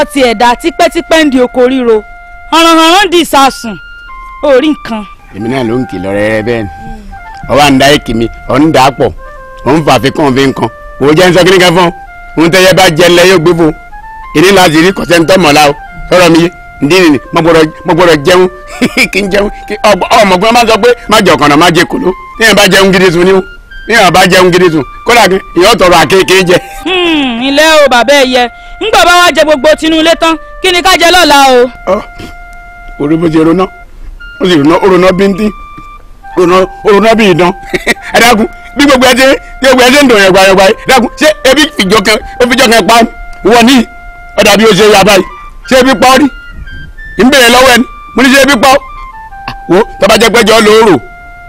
ọtí ẹ̀dá tipẹ́tipẹ́ ń di oko ríro ọ̀rànhàn di ìsàsùn orí nǹkan. èmi náà ló ń kìlọ̀ rẹ bẹ́ẹ̀ ni ọwọ́ àǹdá èkì mi ọ̀n dà pọ̀ ọ̀n fàfikàn fi nǹkan kò jẹ́ ń sọ kí ni ká fọ́n ohun tẹ́yẹ bá jẹ́ ńlẹ̀ yóò gbé fún un ìní láti rí kọ̀sẹ́ńtọ́ mọ̀lá o sọ̀rọ̀ mi yé ndí ni mo gbọ́dọ̀ jẹun (laughs) kí n jẹun ọmọ gbọ́dọ̀ má sọ pé má jẹ ọkànnà má jẹ kòló ní ẹ bá jẹun gidi sun ni o ní àwọn bá jẹun gidi tún kódà ìyọ́ tọrọ àkekèé jẹ. Hmm, ilé o bàbá ẹ yẹ ńgbà bá wá jẹ gbogbo tinú ilé tán kí ni ká jẹ lọ́la o. orí bó ti roná ó sì roná ó roná bíntín ó roná bí idán (laughs) ẹ dákun bí gbogbo ẹ ti bí gbogbo ẹ ti ń dùn yẹn gbàyẹn gbàyẹn dákun ṣé ebi fìjọ kan fìjọ kan pa wọ ní ọ̀dà bí o ṣe yà báyìí ṣé ebi pa ọ́ rí ń bèrè lọ́wọ́ ẹni mo ní ṣé ebi pa ọ́ ah, wo tọ́bajẹ́pẹ́jọ́ lóòrò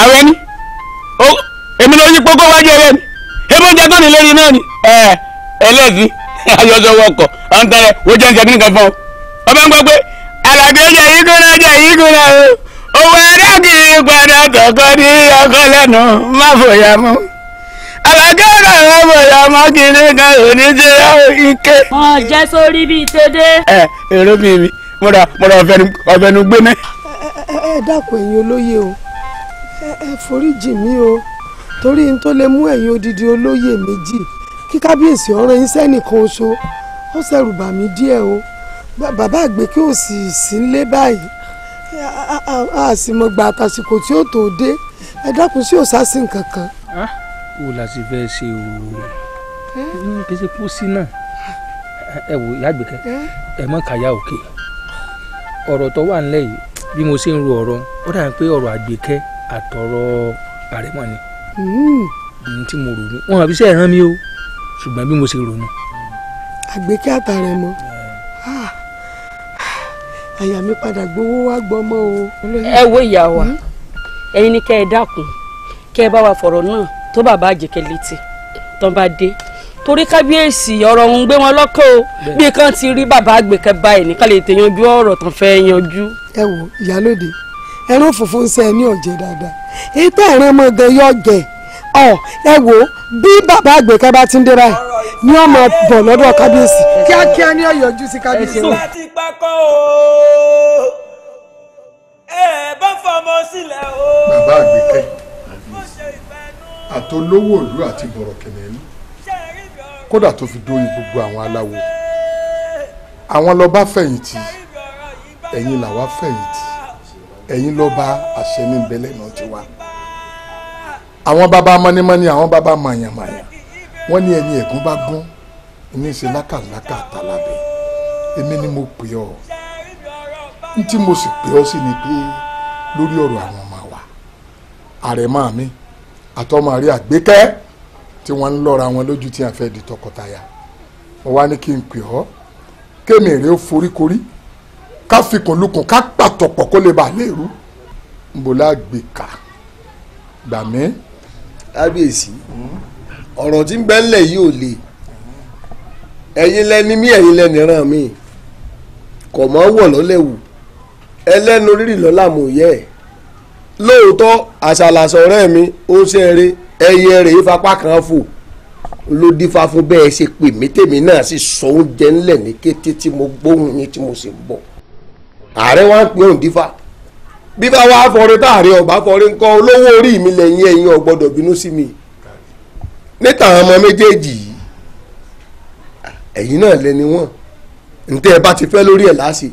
àwọn ẹni emi ló yí kókó wájú ẹrẹ ni èmi oúnjẹ tó ní lórí náà ni ẹlẹ́sìn ayọ̀sọ̀ wọkọ̀ ọ̀ntẹ̀rẹ̀ wọ́n jẹ́ nǹkan nìkan ọ. ọba ń pé alàgbé jẹ yìí jẹ yìí o owó ẹ̀rọ kì í padà tọkọ ní ọkọ má fòyà alàgbé fòyà ike. jẹ sórí bíi tẹdẹ. ẹ èrò mi mi mo mo o ẹ foríjì mí o torí n tó lè mú ẹ̀yin odidi olóyè méjì kí kábíyèsí ọ̀rọ̀ yín sẹ́nìkan oṣù ó ṣẹ̀rù bà mí díẹ̀ o bàbá àgbẹ̀ kí ò sì sí nílé báyìí a sì mọ̀ gbà àtàsìkò tí ó tó dé ẹ dákun sí òsásì nǹkan kan. ó là sí fẹ́ ṣe o kí ṣe kú sí náà ẹ wò ìyá àgbẹ̀kẹ́ ẹ mọ̀ káyà òkè ọ̀rọ̀ tó wà nílẹ̀ yìí bí mo ṣe ń ro ọ̀rọ̀ ó dàbí pé ọ̀rọ̀ àgbẹ̀kẹ́ àtọ̀rọ̀ àrẹ̀mọ̀ ni ohun tí mo rò ní wọn àbí sẹ́ẹ̀ rán mi o ṣùgbọ́n bí mo ṣe rò nù. àgbékẹ́ àtàrẹ̀mọ̀ ah. àyà mi padà gbowó wá gbọmọ o. ẹ wo ìyá wa hmm? ẹ̀yin ni kẹ́ ẹ dákun kẹ́ ẹ bá wa fọ̀rọ̀ náà tó bàbá àjẹkẹ́ létí tán bá dé torí kábíyèsí ọ̀rọ̀ ọ̀hún gbé wọn lọ́kàn o bí kan ti rí bàbá àgbẹ̀kẹ́ báyìí nìkan lè tẹ̀yànjú ọ̀rọ̀ tán fẹ́ yanjú. ẹ wo ìyálòde ẹran funfun ṣe ẹ ní ọ̀jẹ̀ dáadáa ètò ẹran ọmọ gan yọ jẹ ọ ẹ wo bí bàbá àgbẹ̀ká bá ti ń dẹ́ra ni wọ́n máa bọ̀ lọ́dọ̀ kábíyèsí kíákíá ni ó yọjú sí kábíyèsí. ẹ̀sìn láti pákó o ẹ bá fọmọ sílẹ̀ o. bàbá àgbẹ̀kẹ́ àtolówó ìlú àti bọ̀rọ̀kẹ̀nẹ̀ ìlú kódà tó fi dórí gbogbo àwọn aláwo àwọn lọ́ba fẹ̀yìntì ẹ̀yin làwa fẹ̀yìntì ẹ̀yin lọ́ba àṣẹ ní ìbẹ̀lẹ̀ náà ti wá àwọn bàbá mọ́nímọ́ní àwọn bàbá màyàmàyà wọ́n ní ẹni ẹ̀gún bá gún ní ṣe lákàlákà àtàlàbẹ̀ èmi ni mo pè ọ́ ní tí mo sì pè ọ́ sí ni pé lórí ọ̀rọ̀ àwọn ọmọ wa àrẹ̀mọ́ mi àtọ́mọ rí àgbékẹ́ tí wọ́n ń lọ́ra wọn lójú tí wọ́n fẹ́ di tọkọtaya mo wá ní kí n pè ọ́ kémi rèé foríkorí ká fi kòlùkùn ká pàtọ̀pọ̀ kó lè bà léèrú nbola gbèkà gbàmí. kábíyèsí ọ̀rọ̀ tí ń bẹ ńlẹ̀ yìí ò le ẹ̀yin lẹni mí ẹ̀yin lẹni ràn mí kò mọ́ wọ̀ lọ́lẹ̀ wù ẹlẹ́nu rírì lọ́la mò yẹ ẹ̀ lóòótọ́ àṣàlàṣọ ọ̀rẹ́ mi ó ṣe eré ẹyẹ rẹ̀ ìfapá kan fò ló dífá fún bẹ́ẹ̀ ṣe pè mí tèmi náà sì sọ oúnjẹ ńlẹ̀ ní kété tí mo gbóhùn yín tí mo sì ń bọ̀ ààrẹ wa ń pín òǹdífà bí bá wàá fọre táàrẹ ọba fọre ńkọ́ olówó orí mi lẹ́yìn ẹ̀yin ọ̀gbọ́dọ̀ bínú sí mi níta àwọn ọmọ méjèèjì yìí ẹ̀yin náà lẹni wọ́n ntẹ́ ẹ bá ti fẹ́ lórí ẹ̀ láàsì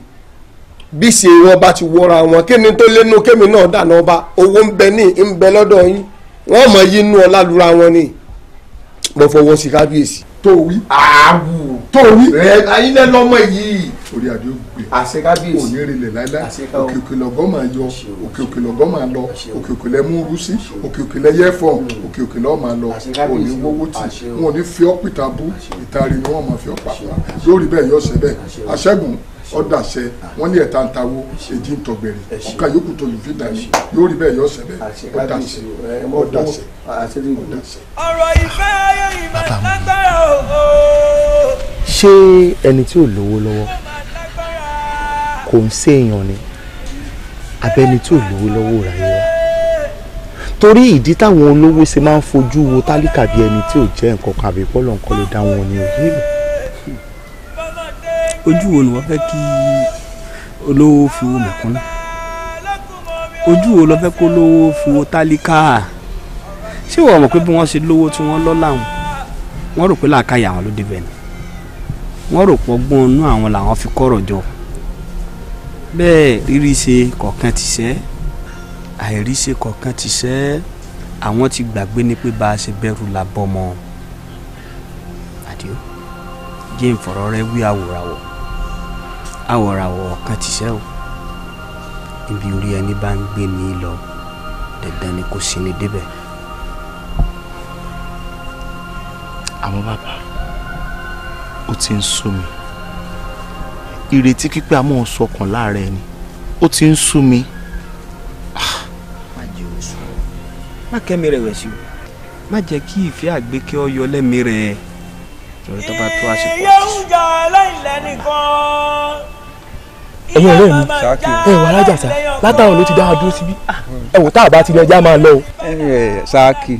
bí ṣe wọn bá ti wọra wọn kíni tó lẹ́nu kémi náà dànù ọba owó ń bẹ ní ń bẹ lọ́dọ̀ yín wọ́n mọ̀ yí inú ọlá lura wọn ni mo fọwọ́ sí kábíyèsí. tó wí àwù tó wí. ẹ ayílẹ̀ lọ́mọ yìí orí adé ògbè òní láíláí òkè òkè lọ́gọ́ máa yọ òkè òkè lọ́gọ́ máa lọ òkè òkè lẹ́ mú rúsí òkè òkè lẹ́ fọ̀ òkè òkè lọ́ máa lọ òní wọ́wọ́ tì wọn ò ní fi ọ́ pìtà bú ni wọ́n máa fi ọ́ pàpà lórí bẹ́ẹ̀ yọ̀ ṣẹ́ bẹ́ẹ̀ aṣẹ́gun ọ̀dàṣẹ wọn ní ẹ̀ta ń tawó èjì ń tọgbẹ̀rẹ̀ ọ̀ka yòókù tó fi dàní yóò ẹni tí ò lówó lọ́wọ́ kò ń ṣèèyàn ni abẹ́ni tí ò lówó lọ́wọ́ ráyé wa torí ìdí táwọn olówó ṣe máa ń fojú wo tálíkà bí ẹni tí ò jẹ́ nǹkan kan àbí pọ́lọ̀ nǹkan ló dá wọn ní òye rẹ̀. ojú wo ni wọ́n fẹ́ kí olówó fi wo mẹ̀kúnnù ojú wo lọ fẹ́ kó lówó fi wo tálíkà ṣé wọ́n mọ̀ pé bí wọ́n ṣe lówó tí wọ́n lọ́ làwọn wọ́n rò pé làákàyè àwọn ló débẹ̀ ni wọ́n rò pọ̀ gbọ́n inú àwọn làwọn fi kọ́rọ̀ jọ bẹ́ẹ̀ rírí ṣe kọ̀ọ̀kan ti ṣẹ́ àìrí ṣe kọ̀ọ̀kan ti ṣẹ́ àwọn ti gbàgbé ni pé bá a ṣe bẹ̀rù la bọ́mọ àdìo jẹ́ ìfọ̀rọ̀ rẹ wí àwòràwọ̀ àwòràwọ̀ ọ̀kan ti ṣẹ́ o ibi orí ẹni bá ń gbé ni lọ dandan ni kò sí ni débẹ̀. àmọ́ bàbá ó ti ń sú mi ìrètí pípẹ́ àmọ́ sọkàn láàárẹ̀ ni ó ti ń sú mi. Ah, má jẹ́ oṣù má kẹ́mi rẹ̀ wẹ̀sì o má jẹ́ kí ìfẹ́ àgbékẹ́ ọyọ lẹ́mi rẹ̀ lórí tó bá tó àsìkò. iye oúnjẹ aláìlẹ́ nìkan. ẹ̀yin ọ̀rẹ́ mi ẹ wà lájàsá látàwọn ló ti dá a dúró síbí ah, hmm. ẹ wò tá a bá ti lọ ẹjá máa lọ o. ẹ ẹ ṣáàkì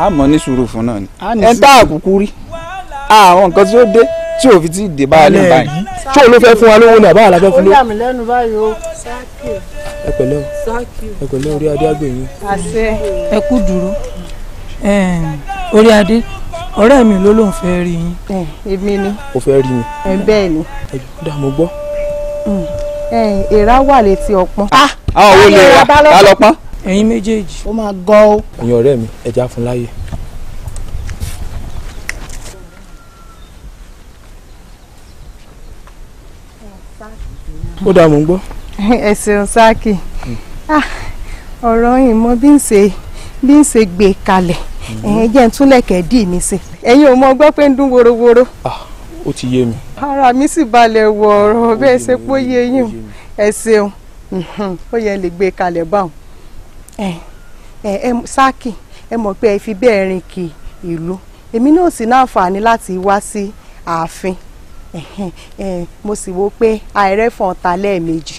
a mọ̀ ní sùúrù fún náà ni ẹ ń tá àkùkù rí ah, àwọn nǹkan tí ó dé tí ò fi ti dè bá a lè báyìí ṣé òun ló fẹ́ fún wa lówó náà báwa la fẹ́ fún lówó. ó yà mí lẹ́nu báyìí o. ẹ pẹ̀lẹ́ o ẹ pẹ̀lẹ́ orí adé àgbè yín. àṣẹ ẹ kú dúró orí adé ọ̀rẹ́ mi ló lóun fẹ́ rí yín. èmi ni. o fẹ́ rí mi. bẹ́ẹ̀ ni. dààmú gbọ́. Mm. èèrà wà létí ọpọ́n. àwọn ah! wo ni èèrà bá lọ pọ́n. ẹ̀yin méjèèjì. ó máa gọ́ ọ. ẹ̀yin ọ̀rẹ́ mi ẹ̀já fún láyè. ó dàá mò ń gbọ́. ẹ ṣeun sáàkì ah, ọ̀rọ̀ yìí mo bí ń ṣe bí ń ṣe gbé kalẹ̀ mm-hmm. ẹ̀yìn jẹ́ ń túnlẹ̀kẹ̀ dì mí sí ẹ̀yin ò mọ gbọ́ pé ń dún worowóró. Ah, ó ti yé mi. ara mi sì balẹ̀ wọ ọ̀rọ̀ bẹ́ẹ̀ ṣe pé ó yé yín ẹ ṣeun mhm, ó yẹ lè gbé kalẹ̀ báwọn. sáàkì ẹ mọ̀ pé ẹ fi bẹ́ẹ̀ rìn kì ìlú èmi náà sì ní láti wá sí ààfin mo sì wo pé àìrẹ́ fọ̀n ta lẹ́ẹ̀mejì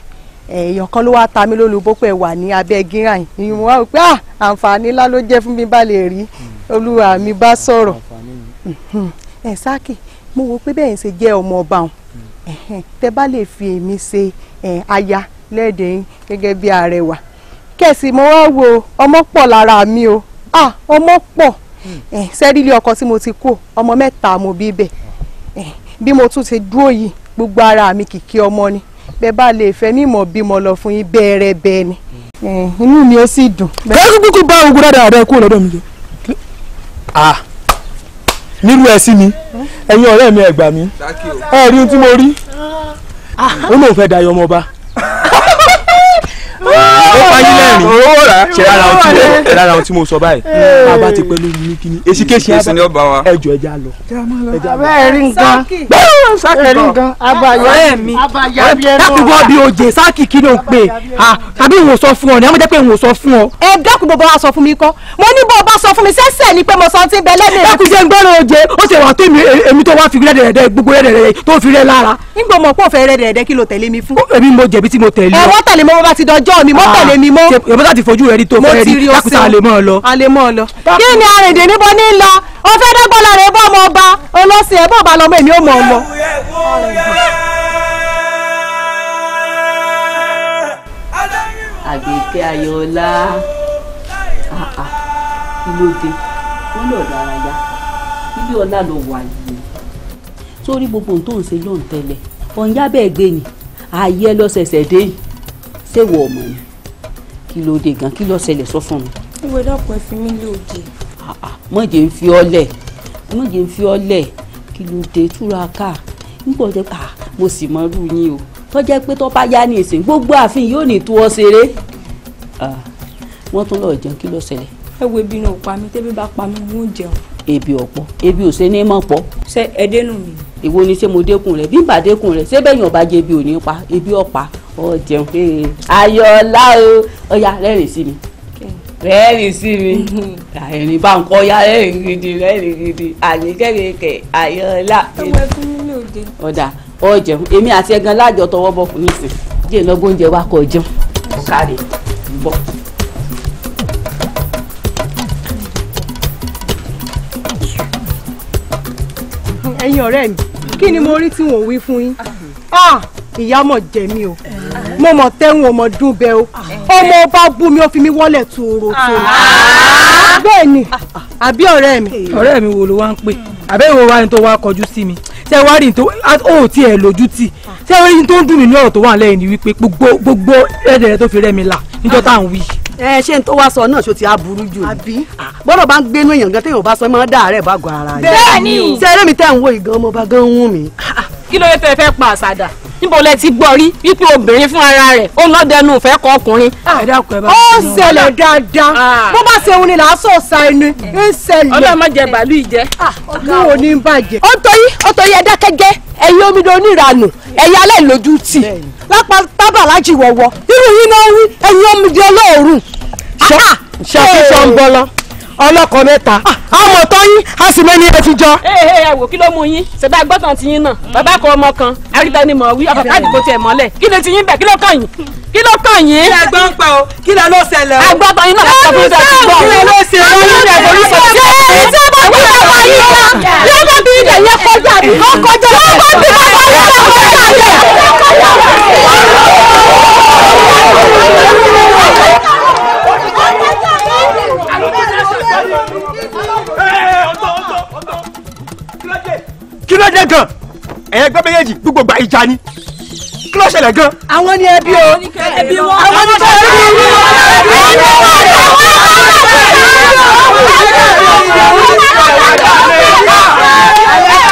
èèyàn kan ló wá ta mí lólobó pé wà ní abẹ́ gíráìn ìwọ̀n wá pé ah, àǹfààní ńlá ló jẹ́ fún mi bá lè rí hmm. olúwa mi bá sọ̀rọ̀ ẹ̀ sáàkì mo wo pé bẹ́ẹ̀ ń ṣe jẹ́ ọmọ ọba òun hmm. tẹ́ bá lè fi èmi ṣe aya lẹ́ẹ̀dẹ̀ yín gẹ́gẹ́ bí arẹwà kẹ̀sì mo wá wo ọmọ pọ̀ lára mi o ah, ọmọ pọ̀ sẹ́rílé hmm. ọkọ tí mo ti kó ọmọ mẹ́ta mo bí bẹ́ẹ̀ ah bí mo tún ti dúró yìí gbogbo ara mi kìkì ọmọ ni bẹ́ẹ̀ bá lè fẹ́ mímọ̀ bímọ lọ fún yín bẹ́ẹ̀rẹ̀ bẹ́ẹ̀ ni inú mi ó sì dùn. kẹ́kọ̀ọ́ kúkú bá ogun dáadáa rẹ kúrò lọ́dọ̀ mi jẹ. Ah, nílùú ẹ sí mi ẹ̀yin ọ̀rẹ́ mi ẹ gbà mí ẹ rí ohun tí mo rí ah. ó lóun fẹ́ dayọ̀ ọmọ ọba yín lẹ́rìn owó rà ṣẹlára ohun tí mo ṣẹlára ohun tí mo sọ báyìí bàbá ti pẹ́ lórí mi kíní èsìkéṣì ẹsìn ni ó bá wa ẹjọ ẹja lọ. abẹ́rẹ́ rí nǹkan sákì nǹkan abayọ mi láti wọ́ bí oje sákì kí ló ń pè tàbí ìwò sọ fún ọ ní àwọn jẹ́ pé ìwò sọ fún ọ. ẹ dákun bó wa sọ fún mi kọ́ mo ní bó bá sọ fún mi sẹ́sẹ̀ ni pé mo sọ ti bẹ lẹ́nu. dákun jẹ́ ń oje ó sì wà tó èmi tó wá fi rẹ́dẹ̀rẹ́dẹ́ gbogbo rẹ́dẹ̀rẹ́dẹ́ tó fi rẹ́ lára. nígbà mo pọ̀ fẹ́ rẹ́dẹ̀rẹ́dẹ́ kí lo tẹ̀lé mi fún. èmi mo jẹ̀bi tí mo tẹ̀lé. ẹ wọ́n tẹ̀lé mi rí mọ́. èmi ká ti fojú rẹ rí tó fẹ́ rí lákùtà àlè lọ. àlè lọ. kí ni àrìndè níbo ní lọ ó fẹ́ dẹ́gbọ́lá rẹ̀ bọ́ ọmọ ọba olóṣè ẹ̀ bọ́ ọba lọ́mọ èmi ò mọ̀ ọmọ. àgbèké ayọ̀ọ́lá ah, ah. kí ló lọ dára ya ọlá lọ wà yìí sórí gbogbo ohun tó ń ṣe yóò ń tẹ̀lé ọ̀nyá bẹ́ẹ̀ gbé ni ààyè ẹ dé ṣé wọ́n ọmọ ni kí ló dé gan kí ló ṣẹlẹ̀ sọ fún mi. ìwé dàpọ̀ ẹ fi mí lé òde. Ah, ah, mọ̀jẹ̀ ń fi ọlẹ̀ mọ̀jẹ̀ ń fi ọlẹ̀ kí ló dé túra ká nígbà tó ah, mo sì mọ irú yín o tọ́jẹ́ pé tó bá yá ní ìsìn gbogbo ààfin yóò ní tó ọ ṣeré wọ́n tún lọ jẹun kí ló ṣẹlẹ̀. ẹ wo ebi náà pa mi tẹ́bí bá pa mi mò ń jẹun. ebi ọ̀pọ̀ ebi ò ṣe ní mọ̀ pọ̀. ṣé ẹ dénú mi. èwo ni ṣé mo dékun rẹ bí n bá dékun rẹ ṣé bẹ́ẹ̀ yàn bá jẹ ebi ò ní pa ebi ọ̀pá ó jẹun pé ayọ̀ọ́lá o ọ̀yà rẹ́rìn sí mi rẹ́rìn sí mi rẹ́rìn bá ń kọ́ ya rẹ́rìn gidi rẹ́rìn gidi àníkẹ́kẹ́kẹ́ ayọ̀ọ́lá. ọmọ ẹkún nílé òde. ọ̀dà ó jẹun èmi àti ẹgan láàjọ tọwọ́ bọ̀ fún nísìn díẹ̀ lọ́gbọ́n oúnjẹ wa kọ̀ jẹun káre bọ̀. ẹ̀yin ọ̀rẹ́ mi kí ni mo rí tí wọ́n wí fún yín ah, ìyá ọmọ jẹ mí o mo mọ̀ tẹ́hùn ọmọ dún bẹ́ẹ̀ o ah. ọmọ ọba bú mi ó fi mi wọ́lẹ̀ tòrò tòrò ah. bẹ́ẹ̀ ni ah. àbí ọ̀rẹ́ mi. ọ̀rẹ́ mi wo ló wá ń pè àbẹ́ ìwọ wa ni tó wá kọjú sí mi tẹ wá rí tó ó tí ẹ lójú tì tẹ wá rí tó ń dùn mí ní ọ̀rọ̀ tó wà lẹ́yìn ni wípé gbogbo gbogbo ẹ̀dẹ̀rẹ̀ tó fi rẹ́ mi là níjọ́ tá à ń wí ẹ eh, ṣé n tó wá sọ náà ṣó ti aburú jù ní bọ́dọ̀ bá ń gbénú èèyàn gan téèyàn bá sọ ẹ máa ń dà rẹ̀ bá gọ ara rẹ̀ bẹ́ẹ̀ ni ṣé eré mi tẹ̀ ń wo ìgan ọmọ bá gan ń wù mí. kí ló dé tẹ fẹ́ pa àṣàdà níbo lẹ ti gbọ́ rí wípé obìnrin fún ara rẹ̀ ó lọ dẹnu ìfẹ́ kọ ọkùnrin. Ah, ó ń ṣẹlẹ̀ ah. dáadáa ah. bó bá ṣe òun ni làásọ̀ sa ẹni ń ṣẹlẹ̀. ọlọ́mọ jẹ bàálù ìjẹ. mi ò ní bàjẹ́. ó torí ó torí ẹ dákẹ́jẹ́ ẹ̀yin omidan oníranù ẹ̀yin alẹ́ lójú tì lápá tábà lájì wọ̀wọ̀ irú yín náà rí ẹ̀yin omidan olóòórùn. ṣe ṣe ń bọ́ lọ ọlọ́kọ mẹ́ta ọmọ ah, tọ́yín a sì mẹ́ni ẹ ti jọ. ee ẹ wò kí ló mú yín ṣẹ̀dá gbọ́tàn ti yín náà mm. bàbá kan ọmọ kan àríta ni mọ̀ wí ọkọ̀ káàdì kò tiẹ̀ mọ́lẹ̀ kí ló ti yín bẹ̀ kí ló kàn yín kí ló kàn yín. kí ló gbọ́n pa o kí ló ló ṣẹlẹ̀ o. agbọ́tàn yín náà lọ́sọ̀ fún ìṣẹ́ àdúgbò. kí ló ló ṣe é lórí rẹ̀ lórí sọ. ṣé ẹni kí ló dé gan ẹ̀yẹ gbọ́ méjèèjì gbogbo gba ìjà ni kí ló ṣẹlẹ̀ gan. àwọn ni ẹbí o àwọn ni ẹbí o àwọn ni ẹbí o.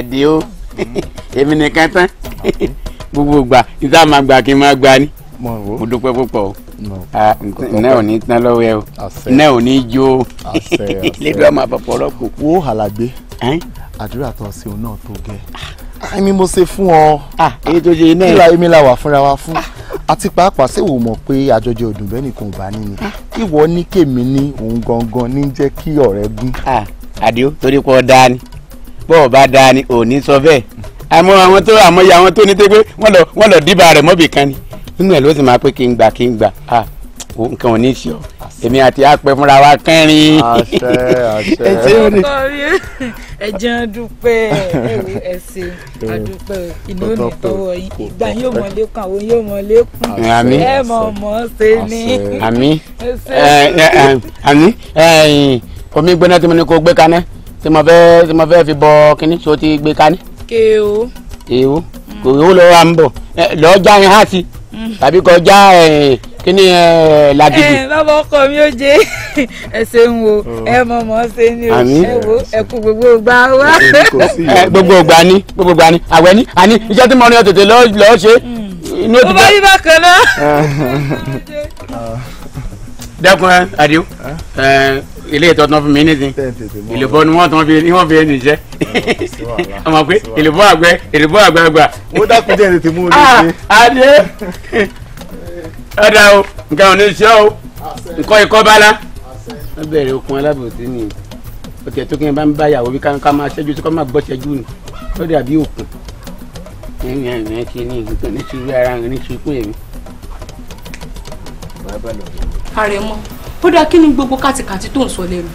àdéhó èmi nìkan tán gbogbo gbà níta máa gbà kí n máa gbà ni mo dúpẹ́ púpọ̀ o ah, náà ò ní tán lọ́wọ́ ẹ o náà ò ní jó o lẹ́dọ̀ máa bọ̀pọ̀ rọ́pò. wo àlàgbé àdúrà tó ṣe òun náà tó gẹ èmi ah. mo ṣe fún ọ ah, èyí tó ṣe náà kíra èmi la wà fúnra wa fún àti pàápàá ṣé wò mọ̀ pé àjọjẹ ọdún bẹ́ẹ̀ nìkan ò bá ní ni ìwọ ní kèmí ní òun gangan ní jẹ́ kí ọ̀rẹ́ gún. àdìo torí pé ọ dá ni bọ́ ọ̀ bá da ni ò ní sọ bẹ́ẹ̀ àmọ́ àwọn tó àmọ́yé àwọn tó ní tẹ́gbẹ́ wọ́n lọ wọ́n lọ dìbà rẹ̀ mọ́bì kan ni nínú ẹ̀ ló sì máa pé kí n gbà kí n gbà á nǹkan ò ní í ṣe ọ èmi àti àpẹ fúnra wa kẹrin (laughs) ẹ ṣeun ni. ẹ jẹun dúpẹ́ ẹ ṣe àdúpẹ́ inú ní tọwọ́ yín ìgbà yóò mọ lẹ́kùn àwọn yóò mọ lẹ́kùn ẹ mọ mọ ṣe ni. àmín àmín omi gbẹ́ná tí mo ní kó gbé kaná tí mo fẹ́ tí mo fẹ́ fi bọ kínní tí o ti gbé kaní. kéwò. kéwò kò yóò lọ ra ń bọ̀ lọ́jà yẹn hàn sí mm. tàbí kọjá kínní làgìdì. ẹ bàbá ọkọ mi ò jẹ ẹ ṣeun o oh. ẹ mọ mọ ṣe ni o ẹ wo ẹ kú gbogbo gbà wá. gbogbo gbà ni gbogbo gbà ni àwẹ̀ ni àní iṣẹ́ tí mo rìn tètè lọ́ọ́ ṣe. Mm. ó bá yí bákan náà. (laughs) dẹ́kun ẹ àdìo ilé ìtọ́ tán fún mi ní sin ìlùbọ́ ni wọ́n tán fi ni wọ́n fi ẹni jẹ́ ọmọ pé ìlùbọ́ àgbẹ̀ ìlùbọ́ àgbààgbà. ó dákun jẹ́ tètè mú olóògbé. Ah, adé ọ̀dà o nǹkan ò ní ṣe o nǹkan ikọ́ bá la. wọ́n bẹ̀rẹ̀ okun alábòsí ni o tẹ̀ tó kí n bá ń bá yàwó bí ká máa ṣẹ́jú sí ká máa gbọ́ ṣẹ́jú ni ó dàbí òkun. ẹ̀yìn ẹ̀yìn kí ni nǹkan ní ṣubú ara ní ṣubú èmi. àrẹ̀mọ bódà kí ni gbogbo kàtìkàtì tó ń sọ lẹ́nu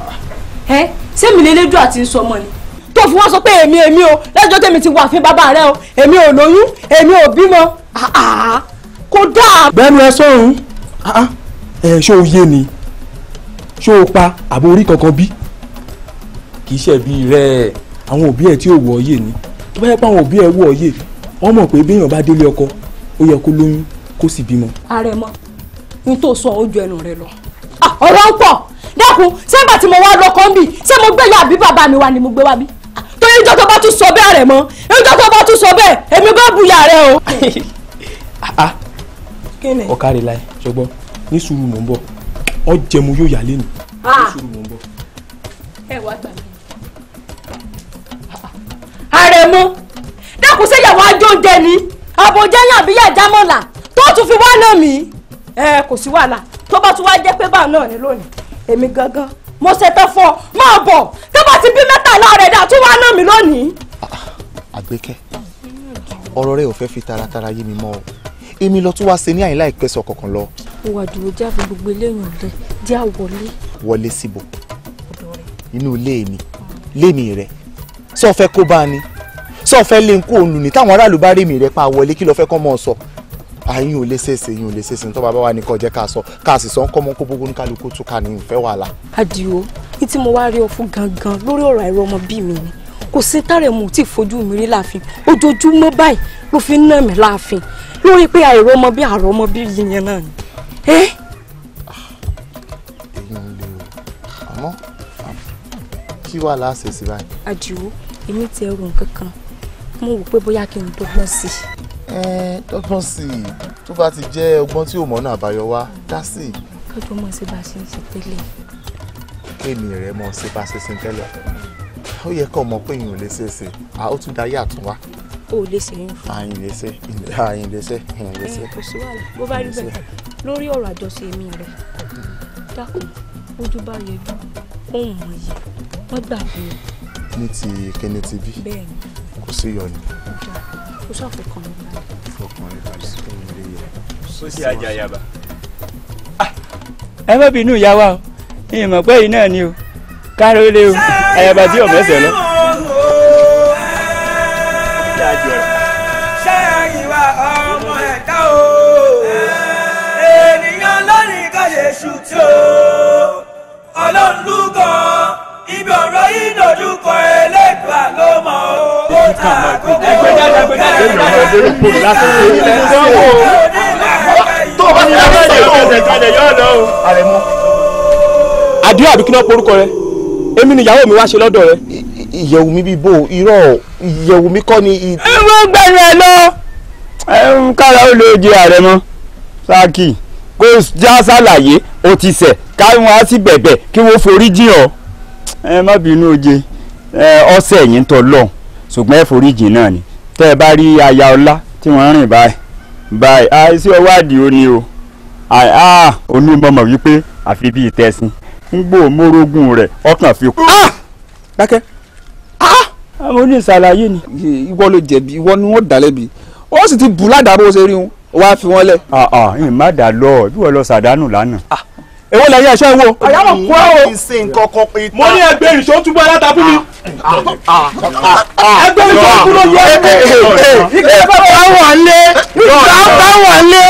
ẹ sẹ́mi lélẹ́dùn àti ń sọ ọmọ ni tó fi wọ́n sọ pé èmi èmi o lẹ́jọ́ tèmi ti wà fún bàbá rẹ o èmi ò lóyún èmi ò bímọ kò dáa. bẹ́ẹ̀ni ẹ sọ̀rùn ẹ ṣó o yé ni ṣó o pa àbò orí kankan bí kì í ṣẹ̀bi rẹ àwọn òbí ẹ tí ò wọ ọ yé ni tó bá yẹ pé àwọn òbí ẹ wọ ọ yé wọ́n mọ̀ pé béèyàn bá délé ọkọ ó yẹ kó lóyún kó sì bímọ. ààrẹ mọ n tó sọ ojú ẹnu rẹ lọ ọ̀rọ̀ ń pọ̀ dákun sẹ́gbà tí mo wá lọ́kọ́ ń bì ṣé mo gbé ìyá àbí bàbá mi wá ni mo gbé wá bí torí ìjọ tó bá tún sọ bẹ́ẹ̀ rẹ̀ mọ́ ìjọ tó bá tún sọ bẹ́ẹ̀ èmi bá bu ìyá rẹ o. Ah, ah. ọ̀ka rẹ̀ láì ṣọgbọ́n ní sùúrù mò ń bọ̀ ọ jẹmu yóò yà lẹ́nu ní ah. sùúrù mò ń bọ̀. ẹ wá gbà mí. àrẹ̀mọ dákun sẹ́yàwó ajóúnjẹ ni àbòjẹ́yàn àbíyá jámọ́là tó tún fi wá náà mí ẹ kò sí wàhálà tó bá tún wá jẹ́ pé báà náà ni lónìí èmi gangan mo ṣetán fún ọ máa bọ̀ tó bá ti bí mẹ́tàlá rẹ̀ dà tún wá náà mi lónìí. àgbékẹ́ ọ̀rọ̀ rẹ ò fẹ́ fi taratara yé mi mọ́ o èmi lọ tún wá ṣe ní àyìnlá ìpẹ́sọ̀ kọ̀ọ̀kan lọ. ó wà dúró já fi gbogbo eléyìí rẹ já wọlé. wọlé síbo inú ilé mi lémi rẹ sọ fẹ́ kó bá a ni sọ fẹ́ lé nkú e òun lù ní táwọn aráàlú bá rí mi rẹ pa wọlé kí ló fẹ́ kọ́ mọ́ ọ sọ àyìn ah, ò lè ṣèṣe yín ò lè ṣèṣe tó bàbá wa ní kò jẹ́ ká sọ ká sì sọ ń kọ́ mọ́ kó gbogbo ní kálukú tún ká ní ìfẹ́ wàhálà. àdìo ní tí mo wá rí ọ fún gangan lórí ọ̀rọ̀ àìrọ ọmọ bíi mi ni kò sí tààrẹ mo ti fojú mi rí láàfin ojoojúmọ́ báyìí ló fi ń nà mí láàfin lórí pé àìrọ ọmọ bíi àrọ ọmọ bíi yìí yẹn náà ni. Ah, èyí ń lè o àmọ́ kí wàá láṣẹ sí báyìí. àdìo èmi ti ẹrù nǹkan kan mo wò pé bóyá kí n dọ́gbọ́n sí i dọ́gbọ́n eh, sí i tó bá ti jẹ́ ọgbọ́n tí òun ọ̀nà àbáyọ wá dá sí i. kọjú mọ sí bá a ṣe ń ṣe tẹ́lẹ̀. kéèmì rẹ mọ sí bá a ṣe ṣe ń tẹ́lẹ̀ ó yẹ kó mọ pé èèyàn ò lè ṣe é ṣe à ó tún dáyé àtún wá. o ò lè ṣe yín fún. àyìn lè ṣe àyìn lè ṣe àyìn lè ṣe. Eh, kò sí wàhálà bó bá rí bẹ́ẹ̀ lórí ọ̀rọ̀ àjọṣe mi rẹ̀ hmm. dákun ojú bá yẹ o ṣàfọkàn mi balẹ̀. fọkàn mi balẹ̀ fún mi rí yẹ. ó sì ajá yaba. ẹ má bínú ìyá wa o ìmọ̀ pé yìí náà ni o káró lé o ayaba tí ò mẹ́sẹ̀ lọ. Ọlọ́run lúgọ ibi ọ̀rọ̀ yìí dojú kọ ẹlẹ́gbàá ló mọ̀ ọ́ kíkà máa kú. ẹgbẹ́jáde ẹgbẹ́jáde ẹgbẹ́jáde ìpò láti ṣe ilẹ̀ ìdánwò. tó o bá ti lọ́wọ́ yóò lọ ọ̀sẹ̀ kalẹ̀ yóò lọ o. àrẹ̀mọ. àdúrà àbí kí náà porúkọ rẹ èmi ni ìyàwó mi wá ṣe lọ́dọ̀ rẹ. ìyẹ̀wò mi bí bò irọ́ ìyẹ̀wò mi kọ́ ni. irú gbẹ̀yìn ẹ lọ kára ó lè jẹ àrẹ̀mọ sáàkì kó já sálàyé ó ti ṣẹ̀ káwọn á sì bẹ̀bẹ̀ kí wọ́n forí jìn ọ́ ẹ má bínú oje ọsẹ yìí ń tọ lọ́hùn ṣùgbọ́n ẹ̀foríjì náà ni tẹ́ ẹ bá rí aya ọlá tí wọ́n rìn báyìí báyìí a sí ọwọ́ àdìo ni o a onímọ̀mọ̀ wípé àfi bíi tẹ̀sìn ń gbò mórógùn rẹ̀ ọkàn fi kú. Ah! dákẹ́ àwọn ah! oníṣàlàyé ah, ni. ìwọ ló jẹ̀bi ìwọ ni wọ́n dà lẹ́bi ó sì ti bù ládàá bó ṣe rí wọn wá fi wọn lẹ. ǹ má dà lọ bí wọ́n lọ ṣàdánù lánàá èwo lẹ́yìn ẹ̀ṣọ́ ìwo. àyàwó kú ẹ o. ìṣe nǹkan kan pé. mo ní ẹgbẹ́ ìṣó túbú aláta fún mi. ẹgbẹ́ ìṣó túbú ló yẹ. ìgbẹ́ bá bá wà lé. ìgbà bá wà lé.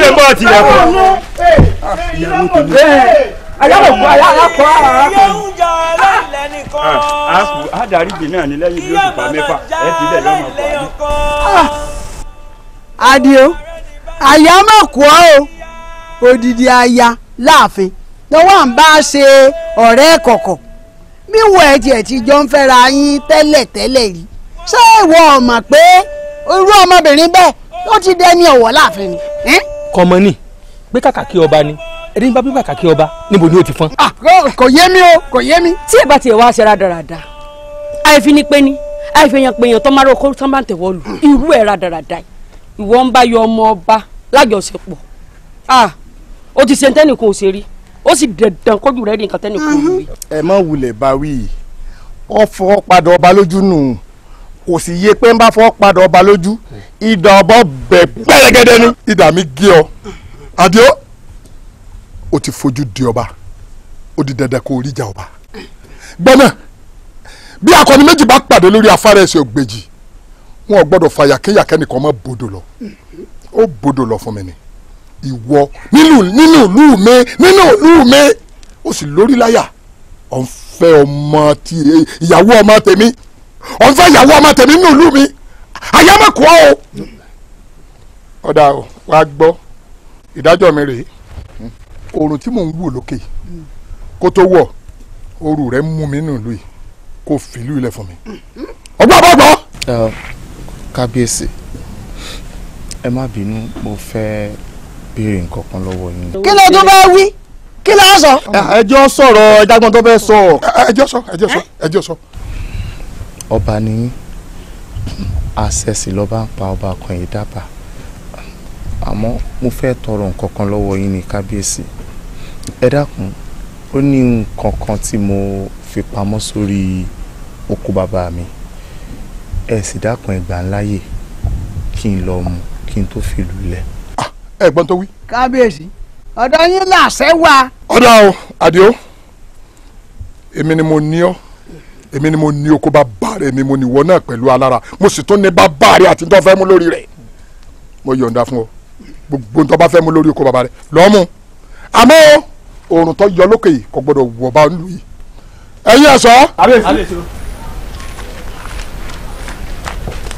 ṣé bọ́ ti yà fún àyàwó kú àyàwó kú àyàwó kú. a kù á darí gbè náà ní lẹ́yìn bí oṣù kan mẹ́fà ẹ ti dẹ̀ lọ́mọ kọ́ àdé. Ah. Adio àyà má kú ọ́ o òdìdí aya. láàfin ló wà ń bá a ṣe ọ̀rẹ́ kọ̀kọ̀ bí wọ́n ẹ̀ jọ ń fẹ́ra yín tẹ́lẹ̀tẹ́lẹ̀ rí ṣé ìwọ pé irú ọmọbìnrin bẹ́ẹ̀ ti dẹni láàfin ni. kọmọ ni pé kàkà kí ọba ni ẹni bá ọba níbo ni o ti fọn. kò yé mi o kò yé mi. tí ìbá tiẹ̀ wá ṣe àìfi ni pé ni àìfi pé èèyàn tó máa o ti ṣe tẹ́nìkan ò ṣe rí ó sì dandan kójú rẹ̀ rí nǹkan tẹ́nìkan ò mhm. rí. ẹ má wulẹ̀ bá wí ọ fọwọ́ padà ọba lójú nù kò sì yé pé ń bá fọwọ́ padà ọba lójú ìdá ọba bẹ̀ pẹ́rẹ́gẹ́dẹ́ ní ìdá mi gé ọ àdéhùn o ti fojú di ọba ó di dandan kó o rí ìjà ọba gbọ́nà bí akọni méjì bá pàdé lórí afárá ẹsẹ̀ ògbèjì wọn ò gbọ́dọ̀ nìkan mọ́ bodò lọ ó bodò lọ fún mi ni ìwọ nínú nínú ìlú mi nínú ìlú mi ó sì lórí láyà ọ̀n fẹ́ ọmọ ti ìyàwó ọmọ tèmi ọ̀n fẹ́ ìyàwó ọmọ tèmi nínú ìlú mi àyámọ̀kọ́ o. ọ̀dà o gbọ́ ìdájọ́ mi rèé oòrùn tí mò ń wò lókè kó tó wọ̀ ooru rẹ̀ mú mi nínú ìlú yìí kó fìlú ilẹ̀ fún mi. ọgbọ́n bọ́ gbọ́. kábíyèsí ẹ má bínú mo fẹ́ béèrè nǹkan kan lọ́wọ́ yín. kí ló tún bẹ́ẹ̀ wí kí ló sọ. ẹjọ́ sọ̀rọ̀ ẹ̀dágbọ́n tó fẹ́ sọ. ẹjọ́ sọ ẹjọ́ sọ ẹjọ́ sọ. ọba ni àṣẹ̀sì lọ́ba ń pa ọba kan yìí dábàá àmọ́ mo fẹ́ tọrọ nǹkan kan lọ́wọ́ yín ní kábíyèsí ẹ dákun ó ní nǹkan kan tí mo fi pamọ́ sórí oko bàbá mi ẹ sì dákun ẹ gbà láàyè kí n lọ mú kí n tó fi lulẹ̀ ẹ̀gbọ́n tó wí. kábíyèsí ọ̀dọ̀ yín làṣẹ wà. ọ̀dọ̀ àwọn àdìo èmi ni mo ní ọ èmi ni mo ní oko bá bàárẹ̀ mi mo ní ìwọ náà pẹ̀lú alára mo sì tún ní bá bàárẹ̀ àti tó fẹ́ mú lórí rẹ̀ mo yọ̀ǹda fún ọ gbogbo tó bá fẹ́ mú lórí oko bàbá rẹ̀ lọ́mú àmọ́ oòrùn tó yọ lókè yìí kò gbọdọ̀ wọ̀ bá lù yìí ẹ̀yin ẹ̀ṣọ́.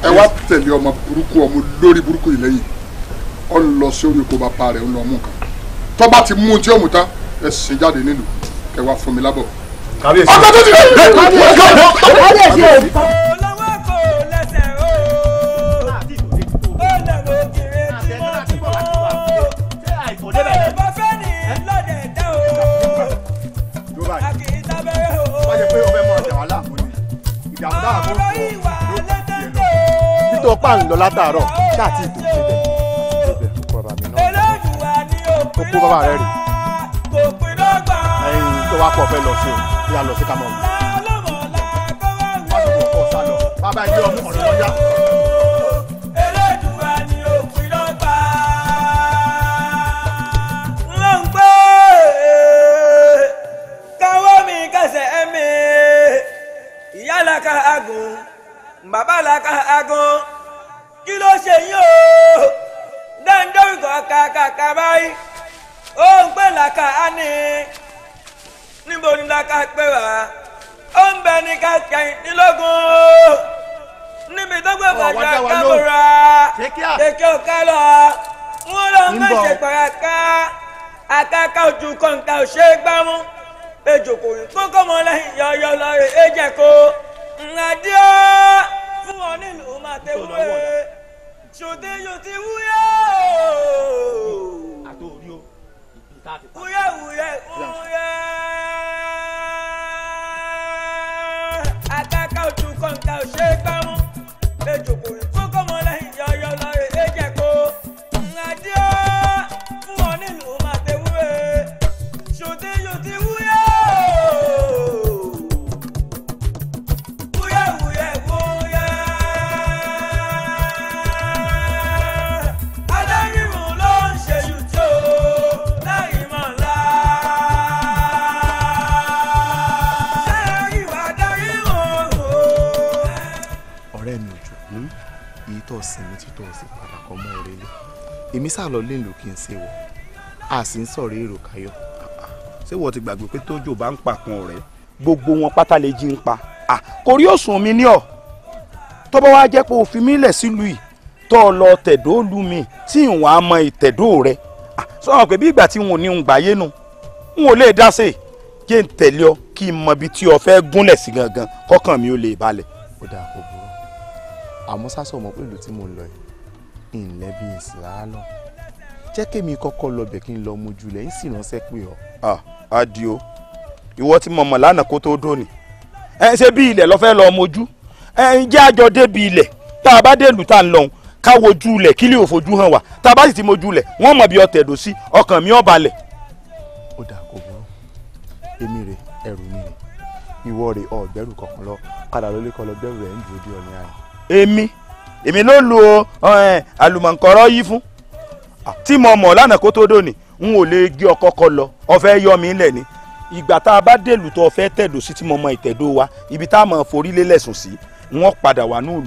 ẹ wá tẹ̀lé ọmọ burúkú ọmọ lórí burúkú yìí lẹ́yìn ọ lọ sórí oko bàbá rẹ̀ ń mú nǹkan tó bá ti mú un tí ó mú tán ẹ sì jáde nílùú kẹ fún mi lábọ̀. kábíyèsí ọjọ́ tó ti rẹ̀ kábíyèsí ẹ̀. ìyàwó dáàbò nítorí pàǹlọ látàárọ̀ ṣáà ti tòṣe tó kó bàbá rẹ rè ẹyin tó wá pọ̀ fẹ́ lọ sí o bí a lọ sí kámọ́ mi. wọ́n ti kò kọ́ sálọ bàbá ẹjọ́ ọmọ ọ̀rẹ́ lọ́jà. ìyálàkà agùn bàbálàkà kí ló ṣe yín o dáńdọ́ ìkọ̀ kàkàkà báyìí ó ń pè làkà á ní níbo ni làkà pè wá ó ń bẹ ní ká kẹyìndínlógún níbi tó gbé bàjẹ́ kábòrà kékeré ọ̀ká lọ wọn lọ ń bẹ̀ṣẹ̀ pàràkà àkàkà ojú kọ̀ǹkà ò ṣe é gbámú ejòkó kókó mọ lẹ́yìn yọ̀ọ̀yọ̀ lọ́rẹ̀ ẹ̀jẹ̀ kó ńládiọ́ fún ọ nílùú màtẹ́wúrẹ́ ṣòdeyò ti wúyọ́ wúyẹ wúyẹ wúyẹ akaka otu kọńkà ò ṣe é gbámú ejò kò rí. sinmi títọ́ òsì padà kọ́ mọ́ ọ̀rẹ́ lé èmi sá lọ léèlú kí n ṣe wọ̀ a sì ń sọ̀rọ̀ èrò káyọ̀. ṣé wọ́n ti gbàgbé pé tójò bá ń papọ̀ rẹ̀ gbogbo wọn pátá lè jí ń pa kò rí òsùn mi ní ọ̀ tó bá wá jẹ́ pé òfin mi lẹ̀ sílùú yìí tó o lọ tẹ̀dó lu mi tí ìwọ̀n á mọ ìtẹ̀dó rẹ̀ sọ̀rọ̀ pé bí ìgbà tí wọn ò ní ń gbàyé nu n ò lè dá sí i kí n tẹ̀lé ọ kí n mọ ibi tí o fẹ́ gúnlẹ̀ sí gangan kọ́kàn mi ò lè balẹ̀. ó dáa kó bó àmọ́ sásọ mọ̀ pé ìlú tí mo lọ yìí ńlẹ́ bí ìsìn rárá náà jẹ́ kémi kọ́kọ́ lọ bẹ̀ kí n lọ mojú lẹ̀ ń sì ránṣẹ́ pé ọ. Adio ìwọ tí mo mọ̀ lánàá kó tó dóni ẹ ṣe bí ilẹ̀ lọ́fẹ́ lọ mojú ẹ ń jẹ́ àjọ débi ilẹ̀ tá a bá dé ìlú tá a ń lọ́hùn ká wojú lẹ̀ kí lè òfojú hàn wá tá a bá sì ti mojú lẹ̀ wọ́n mọ̀ bí ọtẹ̀ dò sí ọkàn mi ò balẹ̀. ó dà kó burú èmi rè ẹrù mi rè ìwọ rè ọ̀gbẹ́rù kọ̀ọ̀kan lọ padà lólé kọ́ lọ gbẹ́rù rẹ̀ ń dúró dé ọ̀nì àná èmi èmi ló lu eh, àlùmọ̀ǹkọ̀rọ̀ yìí fún ah, tí mo mọ̀ lánàá kó tó dòní n ò lè gé ọkọ kọ lọ ọfẹ yọ mi lẹ ni ìgbà tá a bá dèlù tó ọfẹ tẹ̀dó sí tí mọ ìtẹ̀dó wa ibi tá a mọ forí lé sí wọn padà wà ní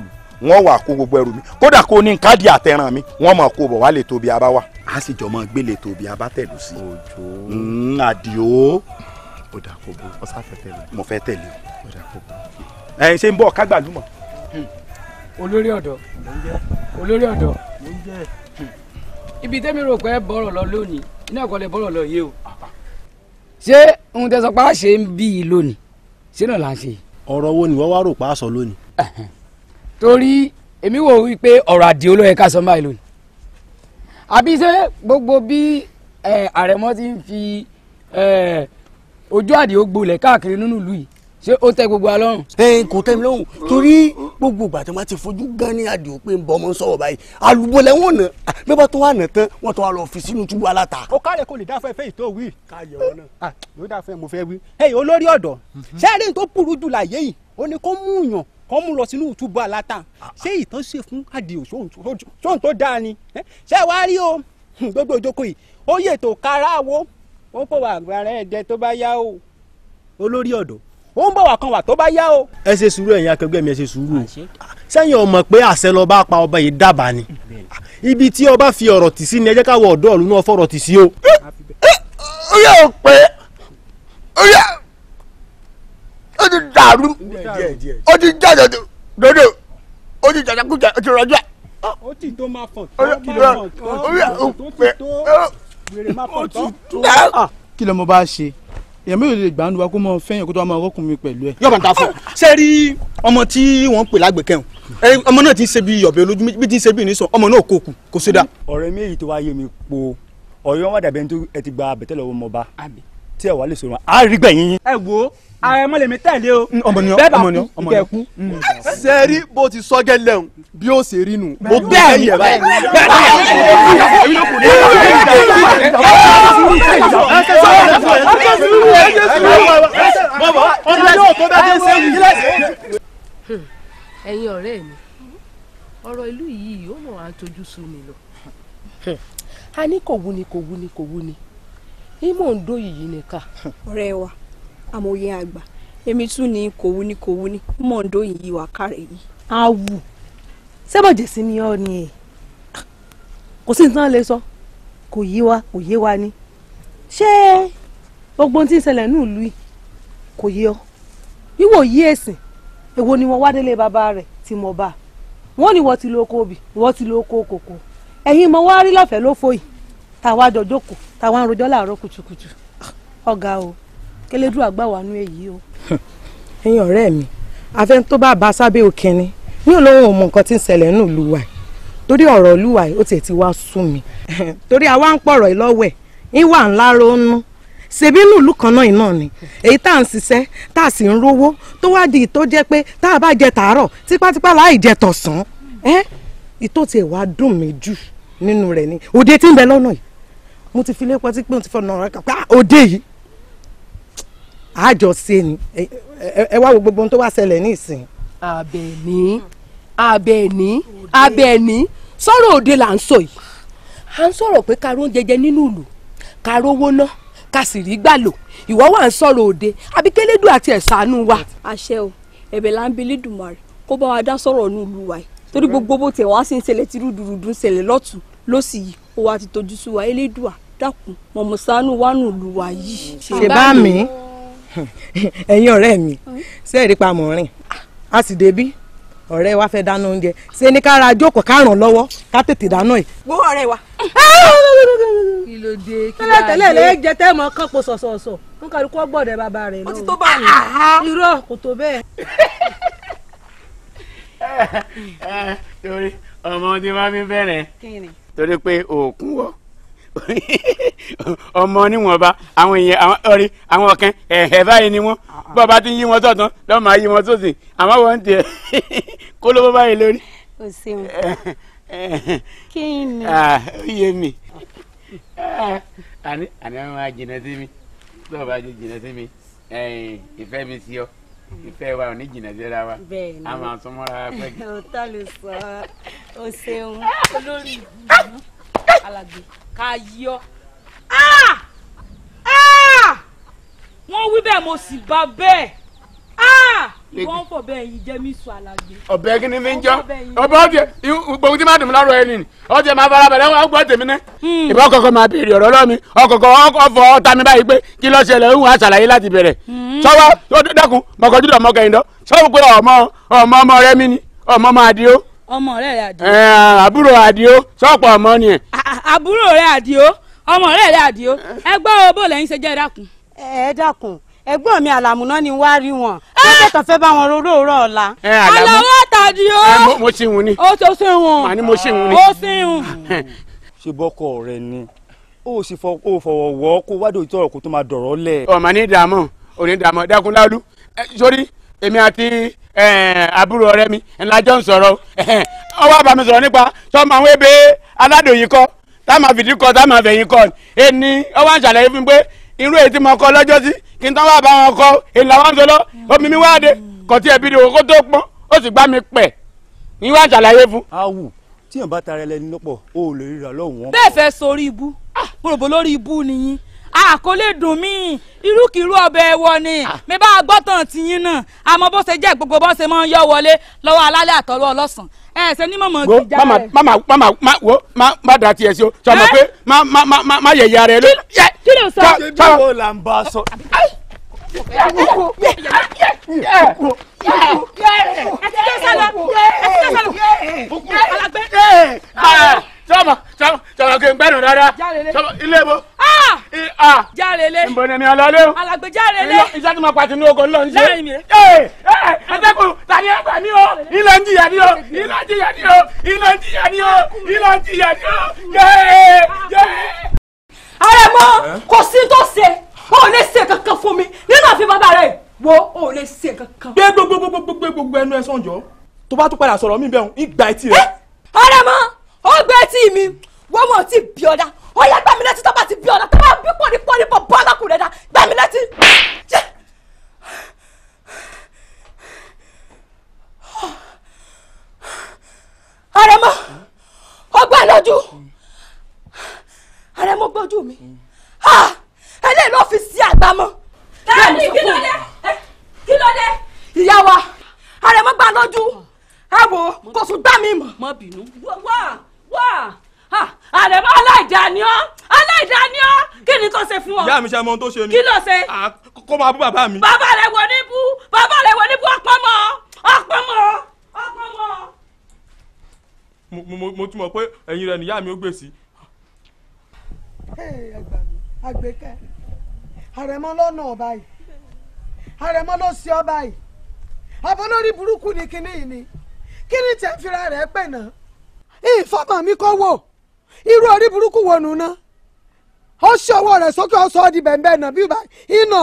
gbogbo ẹrù mi kódà kó ní káàdì mi mọ kó wá lè tóbi abá wa gbé tóbi abá sí. Mm, àdìo. ó dà olórí ọ̀dọ́ olórí ọ̀dọ́ ibi tẹ́mi rò pé bọ́rọ̀ lọ lónìí iná ìkọlẹ̀ bọ́rọ̀ lọ yé o ṣé ohun tẹ sọ pé a ṣe ń bí i lónìí ṣé náà là ń ṣe. ọ̀rọ̀ wo ni wọ́n wá rò pé a sọ lónìí. torí èmi wò wí pé ọ̀rọ̀ àdìẹ olóyè ká sọ báyìí lónìí àbí ṣé gbogbo bí àrẹ̀mọ ti ń fi ojú àdìẹ ó gbolẹ̀ káàkiri nínú ìlú yìí ṣé ó tẹ́ gbogbo alọ́run. ẹ kò tẹ́ mi lọ́rùn torí gbogbo ìgbà tí wọ́n ti fojú gan ní adìo pé ń bọ ọmọ sọ̀rọ̀ báyìí àlùbọ̀lẹ̀ wọn nà bí wọ́n tó wà nà tán wọ́n tó wà lọ fi sínú túbú aláta. ó kárẹ̀ kò lè dáfẹ́ fẹ́ ìtò wí. káyọ̀ wọn náà ah, yóò dáfẹ́ mo fẹ́ wí. ẹyìn olórí ọ̀dọ́ ṣé ẹ̀rí tó burú jù láyé yìí ó ní kó mú yàn kó mú lọ sínú túbú aláta ṣé ìtàn ṣe fún adìo sóhun tó dáa ni ṣé o hmm, gbogbo ìjókòó yìí ó yètò káráwó ó ń bọ̀ wà kan wà tó bá yá o. ẹ ṣe sùúrù ẹ̀yin akẹgbẹ́ mi ẹ ṣe sùúrù o sẹ́yìn ọmọ pé àṣẹ lọ́ba pa ọba yìí dábàá ni ibi tí ọba fi ọ̀rọ̀ tì sí ni ẹ jẹ́ káwọ ọ̀dọ́ ọ̀lú náà fọ̀rọ̀ tì sí o. ó yà ó pé ó yà ó ti dàrú ó ti jáde dodo ó ti jàjà kújà ó ti rọjò. ó ti tó máa fọ̀ tó máa fọ̀ tó ti tó wèrè máa fọ̀ tó. kí ló mo bá ṣe èèyàn mélòó lè gbà ń wa kó mọ fẹ́yàn kó tó wà máa rọ́kùn mi pẹ̀lú ẹ̀. yọ̀bọ̀n ta fọ ṣé rí ọmọ tí wọ́n ń pè lágbèkẹ́ hàn ọmọ náà ti ń ṣe bí ọ̀bẹ olójú bí ti ń ṣe bí ìnísàn ọmọ náà kò kù kò sí dáa. ọ̀rẹ́ mi èyí tó wáyé mi po ọ̀rẹ́ wọn wà dàbí ẹ ti gba àbẹ̀tẹ́lẹ̀ ọmọ ọba tí ẹ wà lè sọ̀rọ̀ a rí gbẹ̀yìn yín. ẹ wo ààrẹ mọ lèmi tẹ̀lé o. Mm, ọmọ ni ọ ọmọ ni ọ ọmọ ni ọ. sẹ́ẹ̀rí mm. bó ti sọ́gẹ́ lẹ́hùn bí ó ṣe rí nù. mo gbé ẹ̀yìn ẹ̀ báyìí. ẹ̀yin ọ̀rẹ́ mi ọ̀rọ̀ ìlú yìí ó mọ̀ àtọ́jú sú lọ. Hmm. a ní kò wúni kò wúni kò wúni ìmọ̀ ń dó yìí nìka. ọ̀rẹ́ wa amòye àgbà èmi tún ní kòwú ní kòwú ní mọ̀ ń dó yìí wà kárẹ̀ yìí. awù sẹ́bọ̀jẹ̀ sí ni ọ́ ni ẹ̀ kò sí nǹkan lè sọ kò yé wa kò yé wa ni ṣé gbogbo ohun tí ń ṣẹlẹ̀ ní ìlú yìí kò yé ọ wíwò yí èsìn èwo ni wọn wá délé bàbá rẹ̀ tí mo bá wọn ni wọn ti lo oko obì ti lo oko ẹ̀yin mo wá rí lọ́fẹ̀ẹ́ lófo yìí tá a wá jọ jókòó táwọn arojọ́ làárọ̀ kùtùkùtù ah, ọ̀gá o kẹlẹ́dù àgbà wà nú èyí o. (laughs) ẹ̀yin ọ̀rẹ́ mi afẹ́ tó bá bá sábẹ́ òkè ni mi ò lóun ò mọ nǹkan tí ń ṣẹlẹ̀ nù lùwà torí ọ̀rọ̀ lùwà ó tiẹ̀ ti wá sú mi (laughs) torí àwa ń pọ̀rọ̀ ìlọ́wẹ̀ ìwà ńlá ronú ṣèbí inú ìlú kan náà iná ni èyí tá à ń ṣiṣẹ́ tá a sì ń rówó tó wá di ìtó jẹ́ pé tá a bá jẹ tàárọ̀ tipátipá láì jẹ tọ̀sán ẹ́ ìtó tiẹ̀ wá dùn mí jù nínú rẹ̀ ni òde tí ń bẹ lọ́nà yìí mo ti fi lépo tí pé mo ti fọ nọ̀rọ̀ kan pa ah, òde yìí àjọṣe ni ẹ wá wo gbogbo ohun tó wá ṣẹlẹ̀ ní ìsìn. Àbẹ̀ní Àbẹ̀ní Àbẹ̀ní sọ̀rọ̀ òde là ń sọ yìí à ń sọ̀rọ̀ pé ká ró jẹjẹ nínú ìlú ká rówó ná ká sì rí gbà lò ìwọ wà ń sọ̀rọ̀ òde àbí kélédù àti ẹ̀sánú wa. àṣẹ o ẹ̀bẹ̀ là ń bi Lédùmarè kó bá wa dá sọ̀rọ̀ ní ìlú wa yìí torí gbogbo bó tẹ̀ wá sí ń ṣẹlẹ̀ tí rúdurùdu ń ṣẹlẹ̀ lọ́tùn lọ́sì yìí ó wá ti tojú sú wa elédùà dákun mọ̀mọ́ sanu wánú yìí. ṣe bá mi ẹyin ọ̀rẹ́ mi ṣé ẹ̀rí pa mọ̀ rìn a sì débí ọ̀rẹ́ wa fẹ́ dáná oúnjẹ ṣe ní kára jókòó kárùn lọ́wọ́ ká tètè dáná yìí. wo ọ̀rẹ́ wa. kí ló dé kí ló dé. tẹ́lẹ̀ tẹ́lẹ̀ mọ kán sọ̀sọ̀sọ̀ n kàdú kó bàbá rẹ̀ lọ. ó ti tó báyìí. irọ́ kò tó bẹ́ẹ̀. (laughs) Eh, eh, torí ọmọ ọdún mi bẹ̀rẹ̀ torí pé wọ̀. ọmọ oníwọ̀nba àwọn èèyàn ọ̀rí àwọn ọ̀kẹ́ ẹ̀hẹ̀ báyìí ni wọ́n ah, ah. bọ́ bá ti ń yí wọn sọ̀tún lọ́ máa yí wọn sósì àmọ́ wọ́n ń tiẹ̀ (laughs) kó ló bó báyìí lórí. o ṣeun (laughs) kí ni. Ah, ó yé mi àní àní àwọn máa jìnnà sí mi tó o bá jẹ jìnnà sí mi ìfẹ́ mi sí ọ ìfẹ́ wa ò ní jìnnà síra wa a máa súnmọ́ra pẹ́kì. o (laughs) tọ́ lè sọ ọ́ o ṣeun olórí ìbùdó alàgbé ká yí ọ. Ah! Ah! wọ́n wí bẹ́ẹ̀ mo sì bá bẹ́ẹ̀ ah! wọ́n fọ̀ bẹ́ẹ̀ yìí jẹ́ mi sùn alàgbé. ọ̀bẹ kí ni mi ń jọ ọ̀bẹ ọ̀jẹ̀ gbogbo tí máa dùn mí lárọ̀ ẹni ni ọ̀jẹ̀ máa fara balẹ̀ wọ́n gbọ́ tèmi ní. Hmm. ìbá kọ̀kọ́ máa béèrè ọ̀rọ̀ lọ́mi ọ̀kọ̀kọ̀ ọ̀fọ̀ ọ̀tá mi báyìí pé kí ló ṣẹlẹ̀ òun àṣàlàyé láti bẹ̀rẹ̀. Hmm. sọ́wọ́ dákun mọ̀kànjú ọmọ rẹ rẹ àdìo. àbúrò àdìo sọ́pọ̀ ọmọ ni ẹ̀. àbúrò rẹ àdìo ọmọ rẹ rẹ àdìo ẹgbẹ́ o bò lẹ́yìn ṣe jẹ́ dákun. ẹ dákun ẹ̀gbọ́n mi àlàmúná ni wá rí wọn lọ́jọ́ ah! tó fẹ́ bá wọn róró ọ̀la. àlàwọ̀ àtàdìo. mo ṣe ìhun ni. o tó ṣe ìhun. màá ní mo ṣe ìhun ni. o ṣe ìhun. ṣe bọ́kọ rẹ ni o sì fọwọ́ wọ́ kó wádìí òtítọ́ ọ̀rọ̀ tó máa dọ̀rọ̀ lẹ̀. ọ̀mà ní ìdààmú òní ìdààmú dákun láàlú sórí èmi àti eh, àbúrò ọ̀rẹ́ mi ńlá jọ ń sọ̀rọ̀ ọ wá bá mi sọ̀rọ̀ nípa sọmọ àwọn ebe aládòyìn kọ táwọn àfìdí kọ táwọn àfẹ̀yìn kọ ẹni ọ wá ń ṣàlàyé fún mi pé irú èyí tí mo kọ lọ́jọ́ sí kí n tán wá bá wọn kọ èyí làwọn ń sọ lọ omi mi wáde kò tí ẹbí rẹ kó tó pọ́n ó sì gbá mi pẹ̀ ní wá ń ṣàlàyé fún. awù tíyànbá tara ẹlẹni lọ́pọ̀ o ò lè ríra lọ́wọ́. bẹ́ẹ̀ fẹ́ sọ orí ibú gbòròbó ah! lórí ibú nìyí a kò lè dùn mí irúkìrú ọbẹ̀ ẹ̀wọ̀ ni mi bá gbọ́tàn tìyín náà àmọ́ bó ṣe jẹ́ gbogbo bó ṣe máa ń yọ wọlé lọ́wọ́ alálẹ̀ àtọ̀rọ̀ ọlọ́sàn ẹ ṣe ní mọ̀mọ́ ti já rẹ̀. mama mama mama wo ma ma da tiẹ̀ sí o ma, pé ma ma ma ma yẹ ya rẹ ló. kí ló sọ. ṣe bí wo là ń bá a sọ. ẹ ti tẹ́ sálọ ẹ ti tẹ́ sálọ alágbẹ́ sọmọ sọmọ sọmọ kí n gbẹdùn dáadáa sọmọ ilé ibo. járele nbọnẹ mi ọlọlẹ o alàgbé járele iṣẹ́ tí mo pàtì ní oko ńlọ ń ṣe ee ee ẹsẹkùn tani ẹ gbà ní o ilé ń jìyà ní o ilé ń jìyà ní o ilé ń jìyà ní o ilé ń jìyà ní o yéé yéé. àrẹ̀mọ kò sí tó ṣe o lè ṣe kankan fún mi nínú àfi bàbá rẹ wo o lè ṣe kankan. gbé gbogbo gbogbo gbogbo ẹnu ẹ sànjọ tó bá tún padà sọ̀rọ̀ mi bẹ́ẹ̀ ń gba etí rẹ. àrẹ̀mọ ó gbé tí mi wọ́n mọ̀ tí bí ọ̀dà ó yẹ gbàmí létí tó bá ti bí ọ̀dà tó bá bí pọ̀ni pọ̀ni pọ̀ bọ́ ọ̀dàkùnrin dá gbàmí létí. àrẹ̀mọ ọgbà lójú àrẹ̀mọ gbójú mi eléyìí ló fi sí àgbámọ́. dáàbì kí ló dé kí ló dé. ìyá wa àrẹ̀mọ gbà lójú ẹ wò kò sùn gbà mí mọ́. má bínú wá wá àlẹ́ bá aláìda ni ọ́ aláìda ni ọ́ kí ni kò ṣe fún ọ. ìyá mi ṣe mọ ohun tó ṣe ni. kí ló ṣe. kó máa bú bàbá mi. bàbá rẹ̀ wọ níbú bàbá rẹ̀ wọ níbú ọ̀pọ̀ mọ́ ọ̀pọ̀ mọ́ mo tún mọ̀ pé ẹ̀yìn rẹ̀ nìyá mi ó gbèsè. ẹ gbà mí àgbékẹ́ àrẹ̀mọ lọ́nà ọ̀bá yìí àrẹ̀mọ ló ṣe ọba yìí àbọ̀ lórí burúkú ni kinní yìí ni kí ni tẹ̀ fira rẹ̀ pè náà ìfọmọ mi kọ́ wò irú orí burúkú wo nù ná ó ṣe ọwọ́ rẹ̀ sókè ọ̀sọ́ ọ́ di bẹ̀ǹbẹ̀ nà bí ibà iná.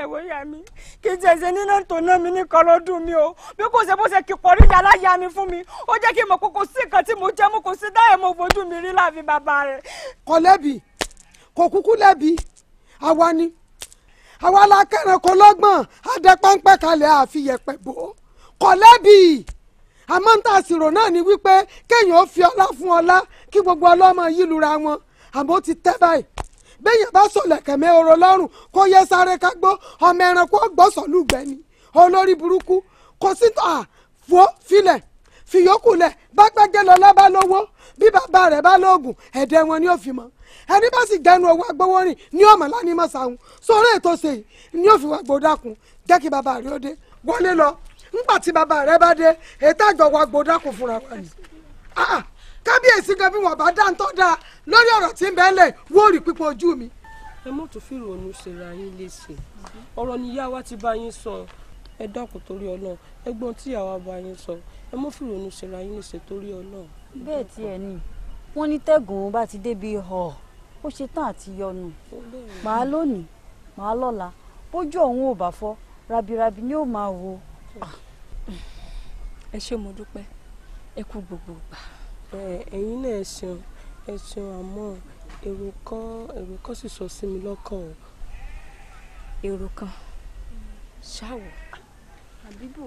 ẹ wo ìyá mi kì í jẹ̀sẹ̀ nínú tòná mi ní kan lọ́dún mi o bí kò ṣe bó ṣe kì pọ̀ níjà láyà mi fún mi ó jẹ́ kí n mọ̀ pé kò sí nǹkan tí mo jẹ́ mo kò sí dáhẹ̀ mo fojú mi rí láàfin bàbá rẹ̀. kò lẹ́bi kò kúkú lẹ́bi àwa ni àwa la kẹ́ran lọ́gbọ̀n adẹ́pọ́npẹ́ kalẹ̀ àfiyẹ̀pẹ̀ bò ó kò lẹ́bi àmọ́ ń náà ni wípé kéèyàn ó fi ọlá fún ọlá kí gbogbo ọlọ́mọ yìí lura wọn àmọ́ ti tẹ́ báyìí béèyàn bá sọ̀lẹ̀kẹ̀ mẹ́oro lọ́rùn kó yẹ sáré kágbó ọmọ ẹranko gbọ́sọ̀lùgbẹ́ ni olórí burúkú kò sí tó à fò filẹ̀ fìyókù lẹ̀ bá gbẹ́gẹ́ lọ lábá lówó bí bàbá rẹ̀ bá lóògùn ẹ̀dẹ̀ wọn ni ó fi mọ́ ẹni bá sì dẹnu owó agbowó rìn ní ọmọ lánìí mọ̀sáhùn sórí ètò ṣèyí ni ó fi wá gbódàkùn jẹ́ kí bàbá rẹ̀ ó dé wọlé lọ ńgbà tí bàbá rẹ bá dé ètò àjọ wa gbòdà kò fúnra wa ni ah, ah, kábíyèsí gan bí wọn bá dá ntọ́ dáa lórí ọ̀rọ̀ tí ń bẹ́ẹ̀ lẹ̀ wó pípọ̀ ojú mi. ẹ mọ̀ tó fi ìrònú ṣera yín léṣe ọ̀rọ̀ ni ìyá wa ti bá yín sọ ẹ dákun torí ọlọ́run ẹgbọ́n tí ìyá wa bá yín sọ ẹ mọ̀ fi ìrònú ṣera yín léṣe torí ọlọ́run. bẹ́ẹ̀ tí ẹ ní wọ́n ní tẹ́gùn bá ti débi ọ̀ ó ṣe tán àti yọnu màá lónìí màá lọ́la bójú ọ̀hún ò bá fọ́ rabirabi ni ó máa wo Ah. ẹ ṣé mo dúpẹ́ ẹ kú gbogbo gbà. ẹ̀yin náà ẹ ṣeun ẹ ṣeun àmọ́ èrò kan èrò kan sì sọ sí mi lọ́kàn o. èrò kan ṣáwọ̀. àbíbò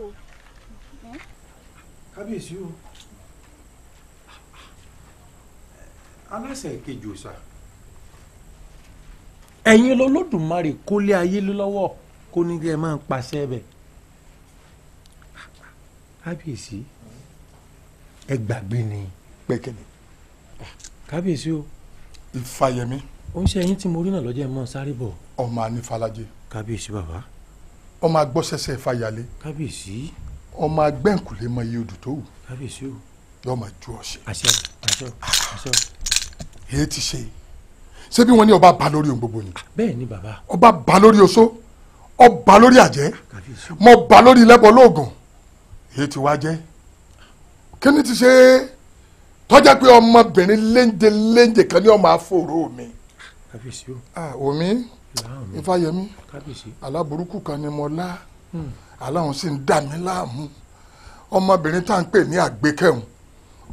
kábíyèsí o aláṣẹ kejì òòṣà ẹ̀yin lọ́lọ́dùmarè kólé ayé lọ́wọ́ kó ní kí ẹ máa pàṣẹ bẹ́ẹ̀ kábíyèsí ẹ gbàgbé ni. pẹ́kẹ́lẹ́. kábíyèsí o. ìfàyẹmí. ó ń ṣe ẹyin tí mo rí náà lọ́jọ́ ẹ̀ mọ́ sáré bọ̀. ọmọ anífàlájẹ. kábíyèsí bàbá. ọmọ agbọ́sẹ̀sẹ̀ fàyàlẹ́. kábíyèsí. ọmọ agbẹ́ǹkùlé mọ iye odò tó wù. kábíyèsí o. yóò máa ju ọṣẹ. àṣẹ àṣẹ àṣẹ. èyí ti ṣe ṣé bí wọ́n ní ọba bá lórí ohun gbogbo ni. bẹ́ẹ̀ ni bàbá. ọba bá lórí oṣó ọba lórí àjẹ́ mo bá lórí lẹ́bọ̀ lóògùn èyí ti wá jẹ́ kí ni ti ṣe tọ́jà pé ọmọbìnrin léńjẹ léńjẹ kan ní ọmọ afọ mi omi ifáyẹmí aláburúkú kan ni mo lá hmm. aláwọn sì ń dà mí láàmú ọmọbìnrin tá à ń pè ní àgbékẹ́hùn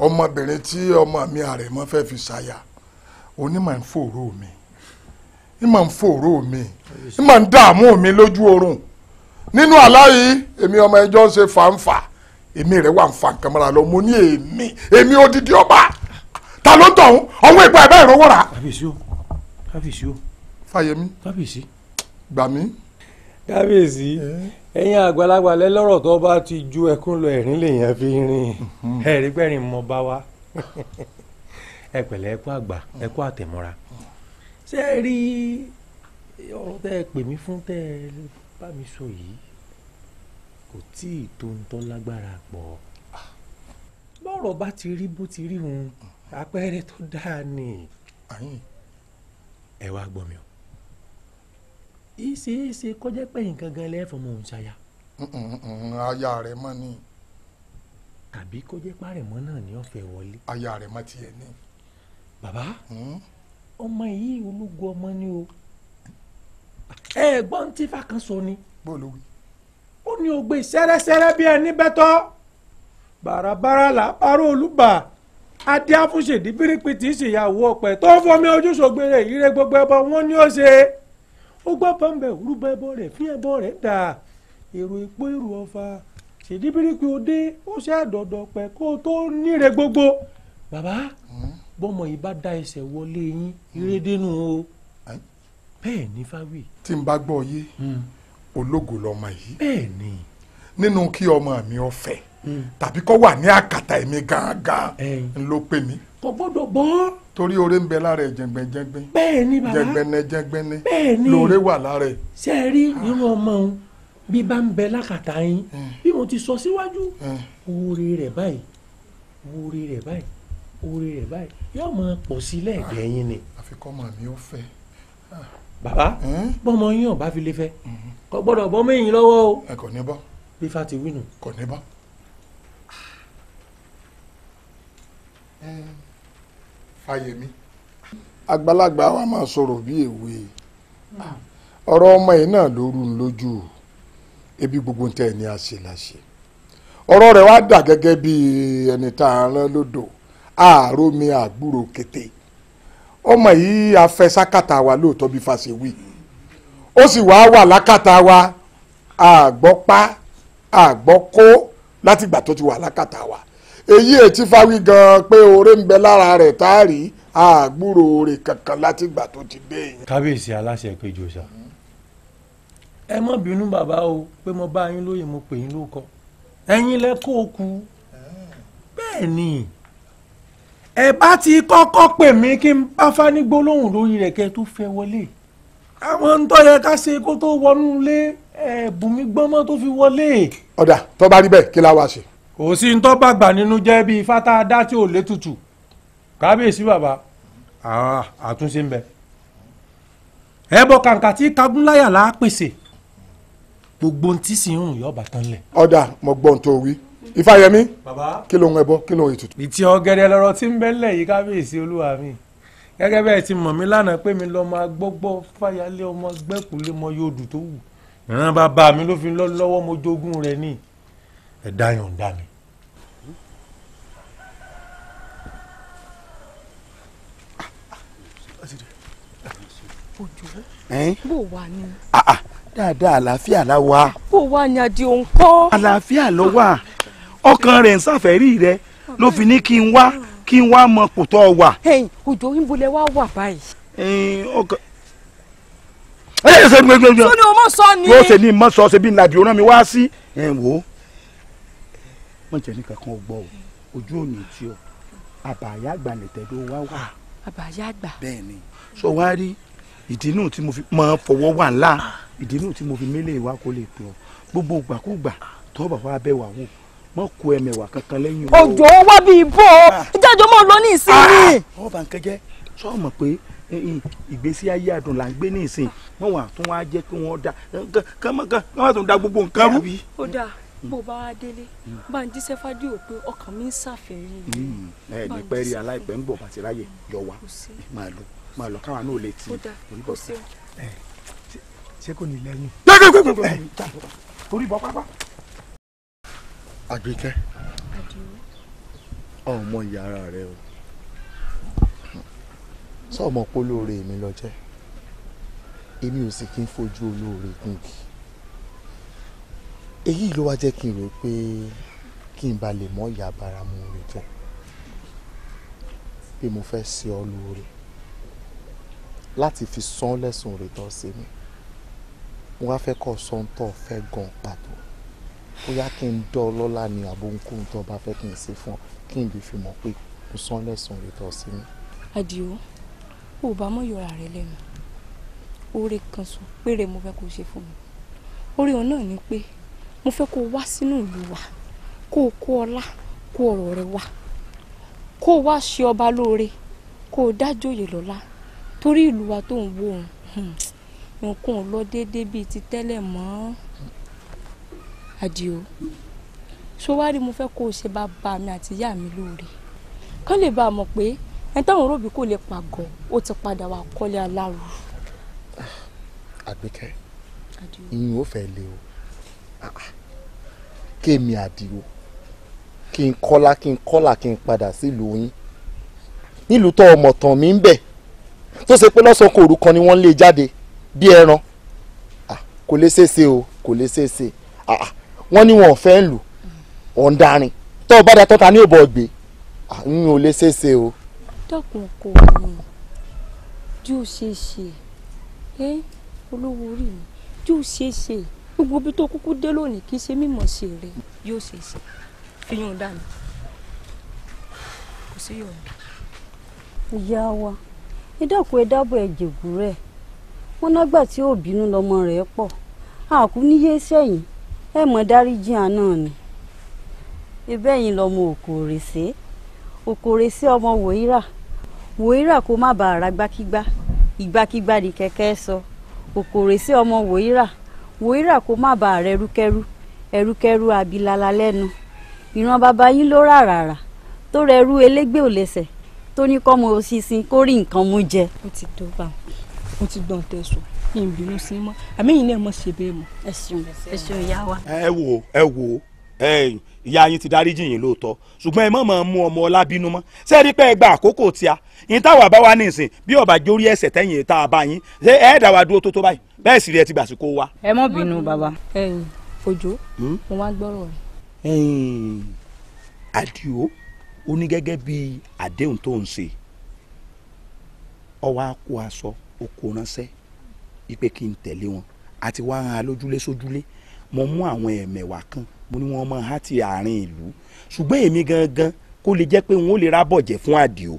ọmọbìnrin tí ọmọ mi fẹ́ fi ṣàyà onímọ̀ ń fòrò mi ìmọ̀ ń fòrò mi ìmọ̀ ń dààmú mi lójú oorun nínú àlá yìí èmi ọmọ ẹjọ́ ń ṣe fàǹfà èmi rẹ̀ wà ń fa nǹkan mọ́ra lọ mo ní èmi èmi odidi ọba ta ló tọ̀hún ọwọ́ ìgbà ẹ̀ bá ìrówó rà. kábíyèsí o kábíyèsí o. fàyẹmí kábíyèsí. gbà mí. kábíyèsí ẹ̀yin àgbàlagbà lẹ́lọ́rọ̀ tó bá ti ju ẹkún lọ ẹ̀rín lèèyàn fi rìn mhm. ẹ̀rí pẹ́rin mọ́ bá wa (laughs) ẹ pẹ̀lẹ́ ẹkú àgbà ẹkú àtẹ̀mọ́ra ṣé ẹ rí ọ̀rọ̀ tẹ́ ẹ pè mí fún tẹ́ ẹ bá mi sọ yìí kò tí ì tó ń tọ́ lágbára pọ̀ ah, bọ́rọ̀ bá ti rí bó ti rí òun àpẹẹrẹ tó dáa ni ẹ wá gbọ́ mi o ìṣeéṣe kọjá pẹ̀yìn gangan lẹ́ẹ̀fọ́ mọ̀ ń ṣaya. aya rẹ̀ mọ́ ni. tàbí kọjá pàrẹ̀mọ́ náà ni ọ̀fẹ́ wọlé. aya rẹ̀ mọ́ tiẹ̀ ni. bàbá hmm? ọmọ yìí ológun ọmọ ni o. Mm -mm, ẹ gbọ́n tí fákan sọ ni. bọ́ọ̀lùwì. ó ní o gbé sẹ́rẹ́sẹ́rẹ́ bí ẹni bẹ́tọ́ bàràbàrà là parọ́ olùbà adé afúnṣèdí bírípì tí í ṣèyàwó ọ̀pẹ tó ń fọmi ojú ṣògbére ìrẹ gbogbo ẹbọ wọn ni ó ṣe ó gbọ́ pọ́ńbẹ́ òrùbọ ẹbọ rẹ̀ fín ẹbọ rẹ̀ dà èrò ìpó èrò ọ̀fà ṣèdí bírípì òde ó ṣe àdọ̀dọ̀ pẹ̀ kó o tó níre gbogbo bàbá hmm? bọ́mọ yìí bá da ẹsẹ̀ wọlé yín ìrédénú o. Mm bẹ́ẹ̀ ni fáwí. tí n bá gbọ́ yé hmm. ológo lọmọ yìí. bẹ́ẹ̀ ni. nínú kí ọmọ mi ọ̀fẹ́ hmm. tàbí kó wà ní àkàtà èmi gangan n ló pè mí. kò gbọ́dọ̀ bọ́. torí oore ń bẹ lára ẹ̀ jẹ̀ngbẹ̀jẹ̀ngbẹ̀. bẹ́ẹ̀ ni bàbá jẹ̀ngbẹ̀nẹ̀ jẹ̀ngbẹ̀nẹ̀. bẹ́ẹ̀ ni lóore wà lára ẹ̀. ṣé ẹ rí irú ọmọ òun bí bá ń bẹ lákàtà yín hmm. bí mo ti sọ síwájú oore rẹ̀ báyìí oore rẹ̀ báyìí oore rẹ̀ báyìí yóò máa pọ̀ sí lẹ́ẹ̀dẹ̀ yín ni. àfikọ́ màmí ó fẹ́ ah bàbá hmm? bọ́mọ yín ọ̀bá fi lè fẹ́ hmm. kò gbọ́dọ̀ bọ́ mẹ́yìn lọ́wọ́ o. ẹ kò ní bọ́. bí fa ti wí nù. kò ní bọ́. fàyè mi. àgbàlagbà wa máa sọ̀rọ̀ bí èwe ọ̀rọ̀ ọmọ yìí náà ló rú un lójú ebi gbogbo ń tẹ̀ ní àṣẹ làṣẹ ọ̀rọ̀ rẹ̀ wá dà gẹ́gẹ́ bí ẹni tá a rán lódò àárò mi àgbúrò kété ọmọ yìí afẹsákàtà wa lóòótọ́ bí fàṣẹwì ó sì wá wà lákàtà wa àgbọ́pá àgbọ́kó látìgbà tó ti wà lákàtà wa èyí ètí fáwí gan pé oore ń bẹ lára rẹ̀ táàrí àgbúrò oore kankan látìgbà tó ti dé yìí. kábíyèsí aláṣẹ péjọ sá ẹ má bínú bàbá o pé mo bá yín lóye mo pè yín lóko ẹ̀yin lẹ kó kú bẹ́ẹ̀ ni. Mm ẹ bá ti kọ́kọ́ pè mí kí n bá fani gbólóhùn lórí rẹ̀ kẹ́ tó fẹ́ wọlé àwọn ń tọ́ yẹ ká ṣe kó tó wọnú ilé ẹ̀bùn mi gbọ́mọ́ tó fi wọlé. ọ̀dà tó bá rí bẹ́ẹ̀ kí la wá ṣe. kò sí ní tọ́ba gbà nínú jẹ́ bíi fata adá tí ò lé tutù kábíyèsí bàbá àtúnṣe ń bẹ. ẹ bọ kàǹkà tí kagúnláyà la pèsè gbogbo ohun tí sì ń rùn yọ̀ọ̀bà tán lẹ̀. ọ̀dà mo gbọ́ ohun tó wí. Ifáyẹmí kí ló ń ẹbọ kí ló ń ètùtù. ìtì ọ̀gẹ̀dẹ̀ lọ̀rọ̀ tí ń bẹ́lẹ̀ yìí kábíyèsí olúwa mi gẹ́gẹ́ bẹ́ẹ̀ ti mọ̀ mí lánàá pé mi lọ́mọ agbọ́gbọ́ fáyálé ọmọ gbẹ́kùlé mọ yòòdù tó wù ìran bàbá mi ló fi lọ́wọ́ mo jogún rẹ̀ ní ẹ̀dá yọ̀ǹda mi. bó wà ní. Ah, ah, dáadáa àlàáfíà la wà. bó wà ní adi òun kọ́. àlàáfíà ló wà ọkàn rẹ̀ ń ṣàfẹ́rí rẹ ló fi ní kí n wá kí n wá mọ kò tọ́ wà. òjò ń bolẹ̀ wá wà báyìí. ọkàn ẹ ṣe gbẹgbẹ gbẹ. sóni o mọ sọ ni. yóò ṣe ní mọ sọ ṣe bí nàbí ọ̀nà mi wá sí. ẹ wò ó mọ jẹ nìkan kan gbọ́ o ojú òní tí o àbàyà àgbà nìtẹ́dọ̀ wá wà. Ah, àbàyà àgbà. bẹ́ẹ̀ni sọ wá rí ìdínú tí mo fi máa fọwọ́ wà ńlá ìdínú tí mo fi mélé wa kó lè pè gbogbo ìgbàkúgbà tó bá wa wà wò mọ kó ẹmẹ̀wà kankan lẹ́yìn o. òjò wá bí ibò ah. ìjájọ mọ lọ ní ìsinmi. Ah, ah. ọba nǹkan jẹ sọ mọ pé ìgbésí ayé àdùn là ń gbé ní ìsìn wọn wà tún wá jẹ kí wọn da kán má tún da gbogbo nǹkan rú. ó dáa bó bá wá délé hmm. bá ń jíṣẹ́ fádìó pé ọkàn mi ń ṣàfẹ́rí. Hmm. ẹ ní pẹ́ rí aláìpẹ́ ń bọ̀ bàtí ráyè yọ wá máa lọ máa lọ káwa náà lè ti oníbọ̀ sí. ṣé kò ní lẹ́yìn. torí bọ́ pápá àgbékẹ́ ọmọ ìyá ara rẹ o sọmọ polóore mi lọ jẹ èmi ò sì kí n fojú olóore gungi èyí ló wá jẹ́ kí n rò pé kí n ba lè mọ ìyá abara mu rè jẹ pé mo fẹ́ ṣe ọ lóore láti fi san lẹ́sùn rè tọ́ sí mi mo wá fẹ́ kọ́ sọ́ńtọ̀ fẹ́ gan pàtó bóyá kí n dọ́ ọ lọ́la ni àbò nkóhun tó bá fẹ́ kí n ṣe fún ọ kí n lè fi mọ̀ pé kò sán lẹ́sùn rẹ̀ tọ́ sí mi. àdìo ò bá mọ̀ yọra rẹ lẹ́nu oore kan sọ péré mo fẹ́ kó ṣe fún mi oore ọ̀ náà ni pé mo fẹ́ kó wá sínú ìlú wa kó o kó ọlá kó ọ̀rọ̀ rẹ wá kó o wá ṣe ọba lóore kó o dájòyè lọ́la torí ìlú wa tó ń wò ó hmm, nǹkan ò lọ déédéé bíi ti tẹ́lẹ̀ mọ́. Àdìó ṣó wá rí mo fẹ́ kó o ṣe bàbá mi àti ìyá mi lóore kán lè bá a mọ̀ pé ẹni táwọn róbì kò lè pàgọ́ ó ti padà wà kọ́lé aláwo. Àgbékẹ́ ìyún ò fẹ́ lé o kémi Àdìó kí n kọ́lá kí n kọ́là kí n padà sílùú yín nílùú tó ọmọ tàn mí ń bẹ̀ tó ṣe pé lọ́sàn-án kò orúkọ ni wọ́n lé jáde bí ẹran ah, kò lè ṣeéṣe o kò lè ṣeéṣe wọ́n ní wọn ò fẹ́ ń lù ọ̀ǹdarin tó o bá da tọ́ta ní òbọ̀ gbé n ò lè ṣeéṣe o. dọ́kun kò ní jí ò ṣe é ṣe ẹ olówó orí mi jí ò ṣe é ṣe gbogbo ibi tó kúkú dé lónìí kì í ṣe mímọ̀ ṣe rẹ yóò ṣe ṣe fi yún un dà kò sí yọ̀ọ̀dù. ìyá wa ẹ ẹ dábọ̀ ẹ jègùrẹ́ wọn nágbà tí òbínú lọmọ rẹ̀ pọ̀ àkú níyé sẹ́yìn ẹ mọ̀ dáríjì àná ni ibẹ̀ yìí lọmọ òkòrèsé òkòrèsé ọmọ wòírà wòírà kó má bàa ra gbákígbá ìgbákígbá ni kẹ̀kẹ́ sọ òkòrèsé ọmọ wòírà wòírà kó má bàa rẹ ẹrúkẹrú ẹrúkẹrú abilala lẹ́nu ìran bàbá yín ló ràràrà tó rẹrú elégbé ò lẹ́sẹ̀ tó ní kọ́mọ òṣìṣin kó rí nǹkan mú jẹ. ó ti tó bá ó ti gbọ́n tẹ̀sùn kí n bínú sí mọ́ àmì yìí náà mọ̀ ṣe bẹ́ẹ̀ mọ́. ẹ ṣeun ẹ ṣeun ìyá wa. ẹ wo ẹ wo ìyá yín ti dáríjì yín lóòótọ́ ṣùgbọ́n ẹ má máa mú ọmọ ọlá bínú mọ́ ṣé ẹ rí pé ẹ gba àkókò tí a yín táwa bá wà nísìn bí ọba jórí ẹsẹ̀ tẹ̀yìn tá a bá yín ṣé ẹ dá wa dúró tó tó báyìí bẹ́ẹ̀ sì rí ẹ ti gbàsíkò wa. ẹ má bínú bàbá. ẹ̀yin Òjó hmm? mo wá gbọ́rọ̀ rẹ. ẹ̀yin Àdìó ó ní gẹ́gẹ́ bí àdéhùn tó ń ṣe ọwọ́ á kó aṣọ ó kó ránṣẹ́ ipe kí n tẹ̀lé wọn àti wá hàn lójúlé sójúlé mo mú àwọn ẹ̀mẹ̀wà kan mo ní wọn máa hàn ti àárín ìlú ṣùgbọ́n èmi gangan kó lè jẹ́ pé n ó lè rábọ̀jẹ̀ fún àdìo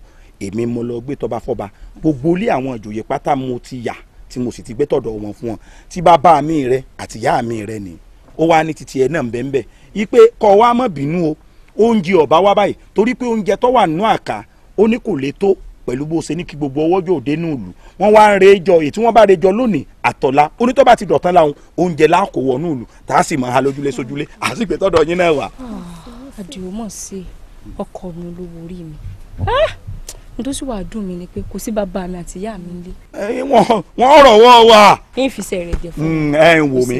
èmi mo lọ gbé tọba fọba gbogbo ilé àwọn ìjòyè pátá mo ti yà tí mo sì ti gbé tọ̀dọ̀ wọn fún wọn tí bàbá mi rẹ àti ìyá mi rẹ ni ó wá ní titi ẹ náà bẹ́ẹ̀nbẹ́ẹ̀ ipe kọ́ wa má bínú o oúnjẹ ọ̀bá wa báyìí torí pé oúnjẹ tó wà nínú àká ó ní kò lè tó pẹ̀lú bó ṣe ní kí gbogbo ọwọ́ yóò dénú ìlú wọ́n wá ń rejọ èyí tí wọ́n bá rejọ lónìí àtọ̀la onítọ́ bá ti dọ̀tán láwọn oúnjẹ láàkó wọnú ìlú tá a sì máa ha lójúlé sójúlé àsìgbè tọ́dọ̀ yín náà wà. àdìo ah, mọ̀ sí ọkọ mi olówó orí mi mo ah, tó sì wàá dùn mí ni pé kò sí bàbá mi àti ìyá mi nílé. Eh, wọ́n rọ̀ wọ́ wa. ń fi sẹ́rẹ̀ jẹ fún mi. Mm, ẹ ń wò mí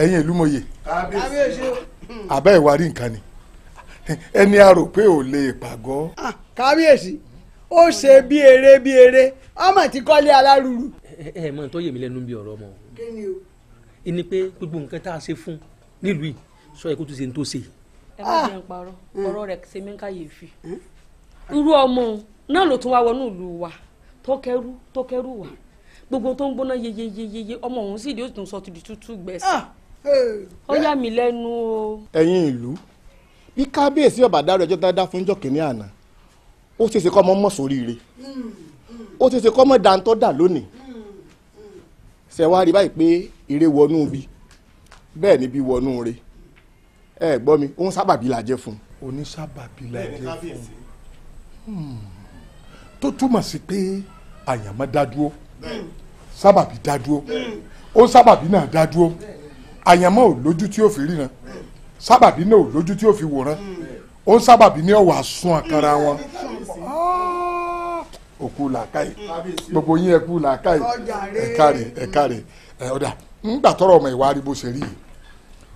ẹ̀yin ìlú mòye àbá ìwà rí nǹkan ni ẹni a rò pé ò lè pàgọ́. Ah, kábíyèsí ó ṣe bí eré bí eré ọmọ tí kọ́lé alárùrù. ẹ ẹ mọ tó yè mí lẹ́nu bí ọ̀rọ̀ ọmọ o ẹni pé gbogbo nǹkan tá a ṣe fún nílùú yìí sọ yẹ kó tún ṣe ń tó ṣe. ẹ má jẹun parọ́ ah. ọ̀rọ̀ rẹ̀ ṣe mí ń káyè fi irú ọmọ náà ló tún wá wọnú ìlú wa tọkẹrú tọkẹrú wà gbogbo tó ń gbóná yeyeyeyeye ọmọ òun sì di ó tún sọ ti di tútù gbẹ̀sẹ̀ ah, ó yà mí lẹ́nu o. ẹ̀yin ìlú bí kábíyèsí ọba dárò ẹjọ́ dáadáa fún ọjọ́ kìnínní àná ó ṣeéṣe kọ́ ọmọ mọ̀ sóríire hmm, hmm. ó ṣeéṣe kọ́ ọmọ dantọ́ dà lónìí hmm, ṣe wá rí báyìí pé ire wọnú bi bẹ́ẹ̀ ni bí wọnú re ẹ gbọ́ mi òun sábàbí la jẹ́ fún. onísábàbí la jẹ́ fún tó túmọ̀ sí pé àyànmọ́ dá dúró sábàbí dá dúró ó sábàbí náà dá dúró àyànmọ́ ò lójú tí ó fi ríran sábàbí náà ò lójú tí ó fi wòran hmm. ó sábàbí ní ọ̀wà sun àkàrà hmm. wọn hmm. òkú làákàyè gbogbo yín ẹkú làákàyè ẹkàrè oh, ẹkàrè ọ̀dà ńgbà tọrọ ọmọ ìwà aríbo ṣe rí yìí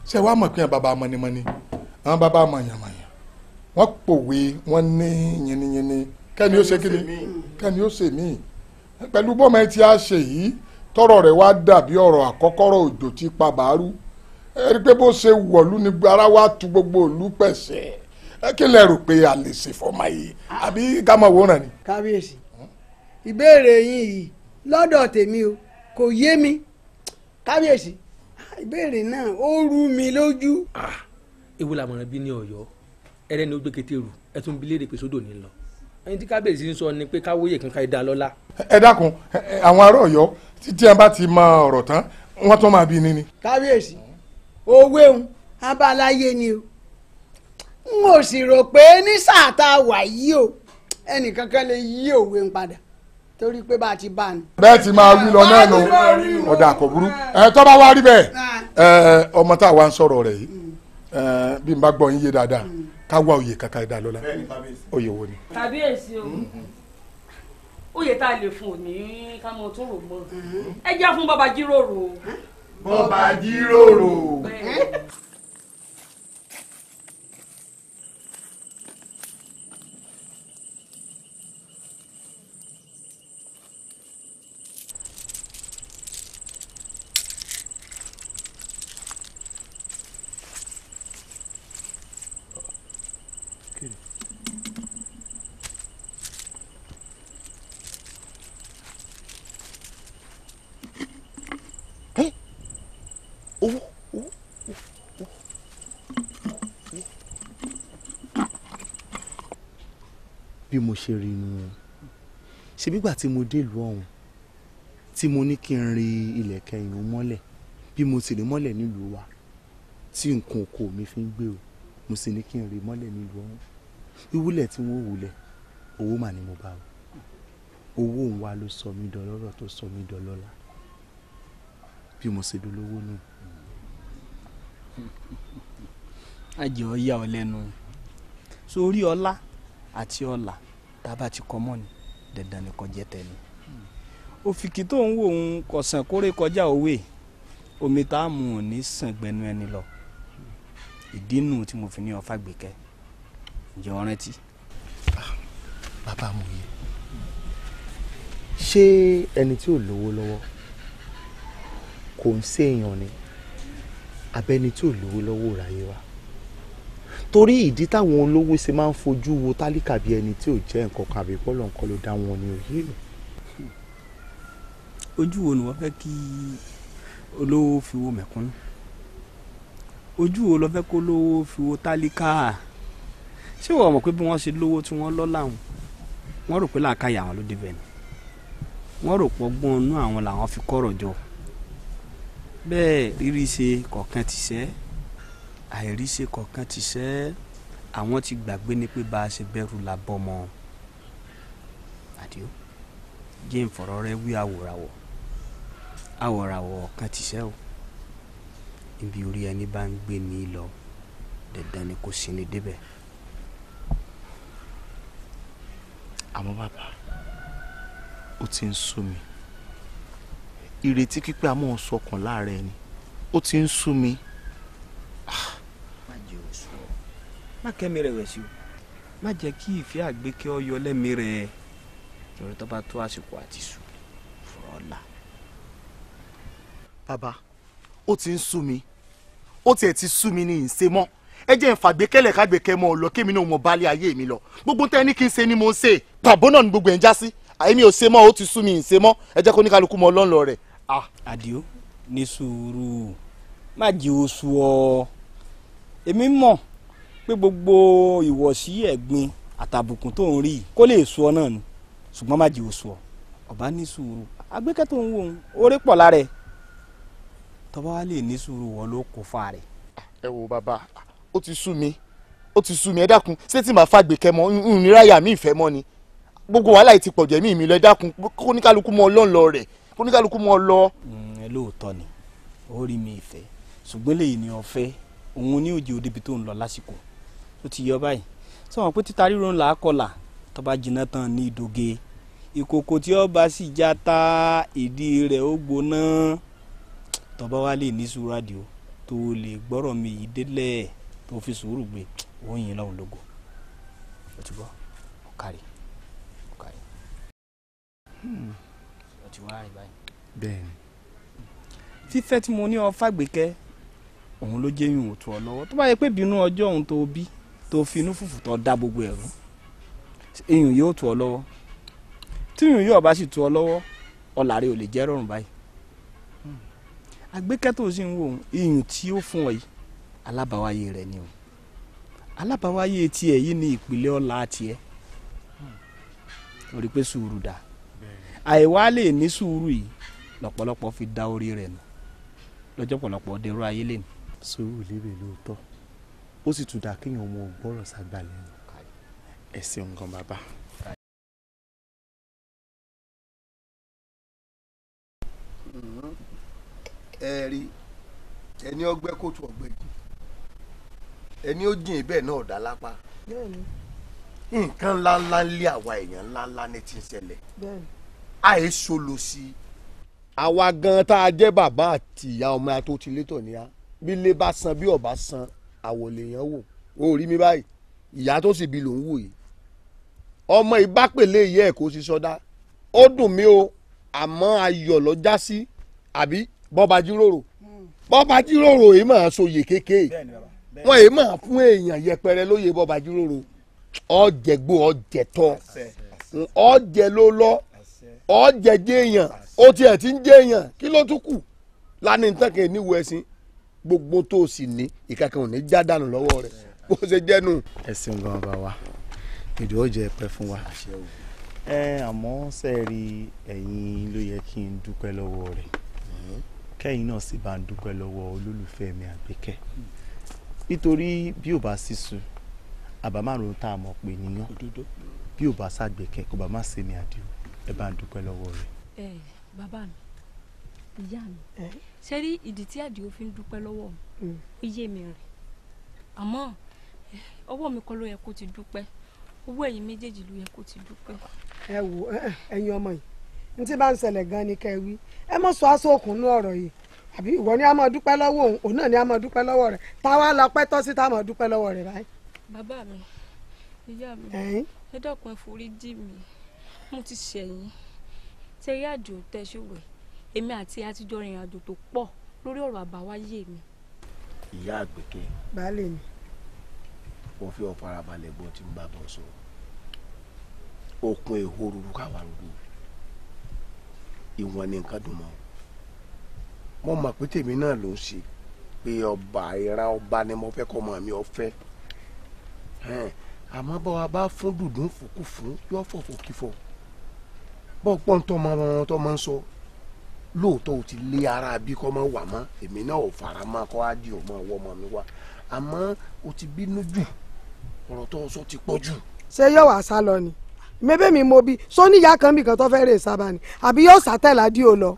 ṣé wàá mọ̀ pé bàbá mọ̀nìmọ̀nì àwọn bàbá mọ̀nyàmọ̀nyà wọ́n pòwe wọ́n ní yìnyínní kẹ́ni ó ṣe kí ni kẹ́ni ó ṣe míì pẹ̀lú bọ́mọ ẹ ti á ṣe yìí tọ̀rọ̀ rẹ̀ wá dàbí ọ̀rọ̀ àkọ́kọ́rọ̀ òjò ti pa bàárù ẹ rí i pé bó ṣe wọ̀lú ni ara wa tu gbogbo òlú pẹ̀sẹ̀ ẹ kí lẹ rò pé a lè ṣe fọmọ yìí àbí ká máa wòran ni. kábíyèsí ìbéèrè yín yìí lọ́dọ̀ tèmi o kò yé mi kábíyèsí ìbéèrè náà ó rú mi lójú. Ah, ewu làmọ̀ràn bí ní ọ̀yọ́ ẹrẹ́ni ó gbé kété rù ẹ tún bí léèrè pé sódò ní lọ ẹni tí kábíyèsí ń sọ ni pé káwóyè kankan ẹ̀dá lọ́lá. ẹ dákun àwọn ará Ọ̀yọ́ títí ẹ bá ti mọ ọ̀rọ̀ tán wọn tún máa bí ni ni. kábíyèsí owó ehun abáláyé ni o n ò sì rò pé ní sáà tá a wà yìí o ẹnìkankan lè yí òwe ń padà torí pé bá a ti bá ni. bẹ́ẹ̀ ti máa wí lọ náà lọ ọ̀dà kò burú tó bá wá rí bẹ́ẹ̀ ọmọ tá a wá ń sọ̀rọ̀ rẹ̀ yìí mm. bí n bá gbọ́ yín yé dáadáa mm ká wá oyè kankan dá lọ́la oyè wo ni. kábíyèsí o mm-hmm. oyè tá a lè fún òní ká mọ tó rò mọ mm-hmm. ẹ jẹ́ fún bàbá jíròrò. bàbá jíròrò. ṣe rí nìyẹn ṣe bígbà tí mo délùú ọ̀hún tí mo ní kí n rí ilẹ̀kẹ̀ ìrun mọ́lẹ̀ bí mo sì rí mọ́lẹ̀ nílùú wa tí nǹkan oko mi fi ń gbé o mo sì ní kí n rí mọ́lẹ̀ nílùú ọ̀hún ìwúlẹ̀ tí wọ́n wúlẹ̀ owó mà ni mo bá o owó òun wa ló sọ mí dọlọ́rọ̀ tó sọ mí dọlọ́lá bí mo ṣe dolówó nù. àjẹ́ ọ yà ọ lẹ́nu sórí ọlá àti ọlà tá a bá ti kọ mọ́ ni dandan ni kò jẹ́ tẹ̀lé hmm. òfìkì tó ń wò ń kọ̀sán kórè kọjá òwe omi tá a mú un ní sàn gbẹnu ẹni lọ ìdí nù tí mo fi ní ọfà gbèkẹ́ ǹjẹ́ ọ rántí. Ah, bàbá mo yẹ ṣé ẹni tí ò lówó lọ́wọ́ kò ń ṣèèyàn ni abẹ́ni tí ò lówó lọ́wọ́ ráyé wa torí ìdí táwọn olówó ṣe máa ń fojú wo tálíkà bí ẹni tí ò jẹ́ nǹkan kan àbí pọ́lọ̀ nǹkan ló dá wọn ní òye rẹ̀. ojú wo ni wọ́n fẹ́ kí olówó fi wo mẹ̀kúnnù ojú wo lọ fẹ́ kó olówó fi wo tálíkà ṣé wọ́n mọ̀ pé bí wọ́n ṣe lówó tí wọ́n lọ́ làwọn wọ́n rò pé làákàyè àwọn ló débẹ̀ ni wọ́n rò pọ̀ gbọ́n inú àwọn làwọn fi kọ́rọ̀ jọ bẹ́ẹ̀ rírí ṣe kọ̀ọ̀kan ti ṣẹ́ àìríṣe kọ̀ọ̀kan ti ṣẹ́ àwọn ti gbàgbé ni pé bá a ṣe bẹ̀rù la bọ́mọ àdìo jẹ́ ìfọ̀rọ̀ rẹ wí àwòràwọ̀ àwòràwọ̀ kan ti ṣẹ́ o ibi orí ẹni bá ń gbé ní lọ dandan ni kò sí ni débẹ̀. àmọ́ bàbá ó ti ń sú mi ìrètí pípé amóhùnsọkàn láàárẹ̀ ni ó ti ń sú mi. má kẹ́mi rẹ̀ wẹ̀ sí o má jẹ́ kí ìfẹ́ àgbékẹ́ ọyọ lẹ́mi rẹ̀ torí tó bá tó àsìkò àti sùn fúrọ́ la. bàbá ó ti ń sú mi ó tiẹ̀ ti sú mi ní ìṣe mọ́ ẹ jẹ́ ìfàgbékẹ́lẹ̀ kágbékẹ́ mọ́ ọ lọ kémi náà mo bá ayé mi lọ gbogbo tẹ́ ní kí n ṣe ni mo ń ṣe pàbó náà ni gbogbo ẹ̀ ń já sí àyèmí ò ṣe mọ́ ó ti sú mi ìṣe mọ́ ẹ jẹ́ kó ní kálukú mọ́ ọlọ́ọ̀lọ́ rẹ̀. àdìo ní sùúrù má jẹ́ oṣù ọ èmi mọ̀ pé gbogbo ìwọ̀sí ẹ̀gbin àtàbùkún tó ń rí yìí kó lè sọ náà ni ṣùgbọ́n má jẹ́ òṣù ọ ọba ní sùúrù agbẹ́kẹ́ tó ń wò ń orí pọ̀ lára ẹ̀ tọ́ba wa lè ní sùúrù wọn ló kó fa rẹ̀. ẹ wo bàbá ó ti sú mi ó ti sú mi ẹ dákun ṣé tí màá fàgbè kẹmọ nráyà mi ìfẹ́ mọ́ ni gbogbo wàhálà yìí ti pọ̀jù ẹ̀mí mi lọ ẹ dákun kóníkálukú mọ ọlọ́ọ̀lọ rẹ̀ kóníkálukú mọ ọlọ. Mm, ẹ lóòótọ́ ni ó mi ìfẹ́ ṣùgbọ́n lèyìn ni ọ̀fẹ́ òun ní òjì òdebi tó ń lọ lásìkò ó ti yọ báyìí sọ wọn pé títa ríro ńlá kọlà tó bá jiná tán ní ìdògé ìkòkò tí ó bá sì já ta ìdí rẹ̀ ó gbóná tó bá wá lè ní sùúrù àdìo tó lè gbọ́rọ̀ mi yìí délẹ̀ tó fi sùúrù gbé òun yìí lọ́hùn lógo ó ti gbọ́ ó kárí ó kárí hmm. ó ti wá rí báyìí. bẹ́ẹ̀ni fífẹ́ tí mo ní ọ fàgbékẹ́ òun ló jẹ́ òtún ọ lọ́wọ́ tó bá yẹ pé bínú ọjọ́ òun tó bí tó fi inú fùfù tó dá gbogbo ẹ̀rú iyùn yóò tù ọ lọ́wọ́ tí iyùn yóò bá sì tù ọ lọ́wọ́ ọ̀là rẹ ò lè jẹ́ rọrùn báyìí àgbékẹ́ tó sì ń wò iyùn tí ó fún ọ yìí alábàáwáyé rẹ ni o alábàáwáyé tiẹ̀ yìí ni ìpìlẹ̀ ọ̀la tiẹ̀ orí pé sùúrù dà àìwá lè ní sùúrù yìí lọ́pọ̀lọpọ̀ fi da orí rẹ̀ nù lọ́jọ́ pọ̀lọpọ̀ dèrò ayé lè ní. sùúrù lè rè lóòótọ́ ó sì tún dáa kéèyàn ọmọ ògbọ́rọ̀ ságbá lẹ́nu ẹ ṣeun gan bàbá. ẹ rí ẹni ọgbẹ́ kóòtù ọgbẹ́ ẹni ó jìn bẹ́ẹ̀ náà dá lápá nǹkan ńláńlá ń lé àwa èèyàn ńláńlá ní ti ń ṣẹlẹ̀ àì solo sí i. àwa gan-an tá a jẹ́ bàbá àti ìyá ọmọ àtòtílétọ̀ ni a bí ilé bá san bí ọba san àwọ̀ lèèyàn wò ó rí mi báyìí ìyá tó sì bí lòun wò yìí ọmọ ìbápèlè ìyá ẹ̀ sí sọdá ó dùn mí o àmọ́ ayọ̀ lọ já sí àbí bọ́ba jíròrò hmm. bọ́ba jíròrò yìí máa soyè kéékèé wọn yìí máa fún èèyàn yẹpẹrẹ lóye bọ́ba jíròrò ọ̀jẹ̀gbò ọ̀jẹ̀tọ̀ ọ̀jẹ̀ ló lọ ọ̀jẹ̀ jẹ́ èèyàn ó tiẹ̀ ti ń jẹ́ èèyàn kí ló tún kù lánìí tán kì níwò ẹ̀sìn gbogbo tó o sì ní ìkankan ò ní já dànù lọ́wọ́ rẹ̀ bó ṣe jẹ́nu. ẹ ṣeun gan bá wa ìdúró jẹ pẹ́ fún wa ẹ àmọ́ sẹ́ẹ̀rí ẹ̀yin ló yẹ kí n dúpẹ́ lọ́wọ́ rẹ̀ kẹ́yìn náà sì bá ń dúpẹ́ lọ́wọ́ olólùfẹ́ mi àgbékẹ́ nítorí bí ò bá sísun àbámárùn tá a mọ̀ pé níyàn bí ò bá ságbèkẹ́ kò bá má ṣe mi àdéhùn ẹ bá ń dúpẹ́ lọ́wọ́ rẹ̀. ẹ bàbá mi ìyá mi ṣe rí ìdí tí àdìo fi ń dúpẹ́ lọ́wọ́ mi hmm. ó yé mi rẹ̀ àmọ́ ọwọ́ mi kọ́ ló yẹ kó ti dúpẹ́ owó ẹ̀yin méjèèjì ló yẹ kó ti dúpẹ́. ẹ wo ẹ̀yin ọmọ yìí ní tí bá ń ṣẹlẹ̀ gan ni kẹ́ ẹ wí ẹ mọ̀ sọ aṣọ òkun ní ọ̀rọ̀ yìí àbí ìwọ ni a máa dúpẹ́ lọ́wọ́ òun òun náà ni a máa dúpẹ́ lọ́wọ́ rẹ̀ táwa lọ pẹ́ tọ́ sí tá a dúpẹ́ lọ́wọ́ rẹ̀ báyìí. bàbá mi ìyá mi ẹ dákun ẹ forí jì mí mo ti ṣẹ̀yìn tẹ̀yẹ́ àjò tẹ̀ èmi àti àtijọ́ rìnrìn àjò tó pọ̀ lórí ọ̀rọ̀ àbáwáyé mi. ìyá àgbẹ̀kẹ́ baálé mi mo fi ọ farabalẹ̀ gbọ́ tí ń bá bọ́ sọ okun èhóró káwa ń gbò ìwọ̀n ni nǹkan dùn mọ́ mo mọ̀ pé tèmi náà ló ń ṣe pé ọba ìran ọba ni mo fẹ́ kọ́ ọmọ mi ọ̀fẹ́ àmọ́ bá wa bá fún dùdú fòkú fún yọ fọ̀fọ̀ kífọ̀ bọ́ pọ́ńtọ́ máa ń tọ́ máa ń sọ. So lóòótọ́ o ti lé ara bí kọ́ máa wà mọ́ èmi náà ò fara mọ́ kọ́ á di ọmọ ọwọ́ ọmọ mi wá àmọ́ o ti bínú jù ọ̀rọ̀ tó sọ ti pọ̀ jù. ṣé yóò wá sá lọ ni mébè mi mo bi sóní ìyá kan bìkan tó fẹ́ẹ́ rè sábà ni àbí yóò sátẹ̀lá dí o lọ.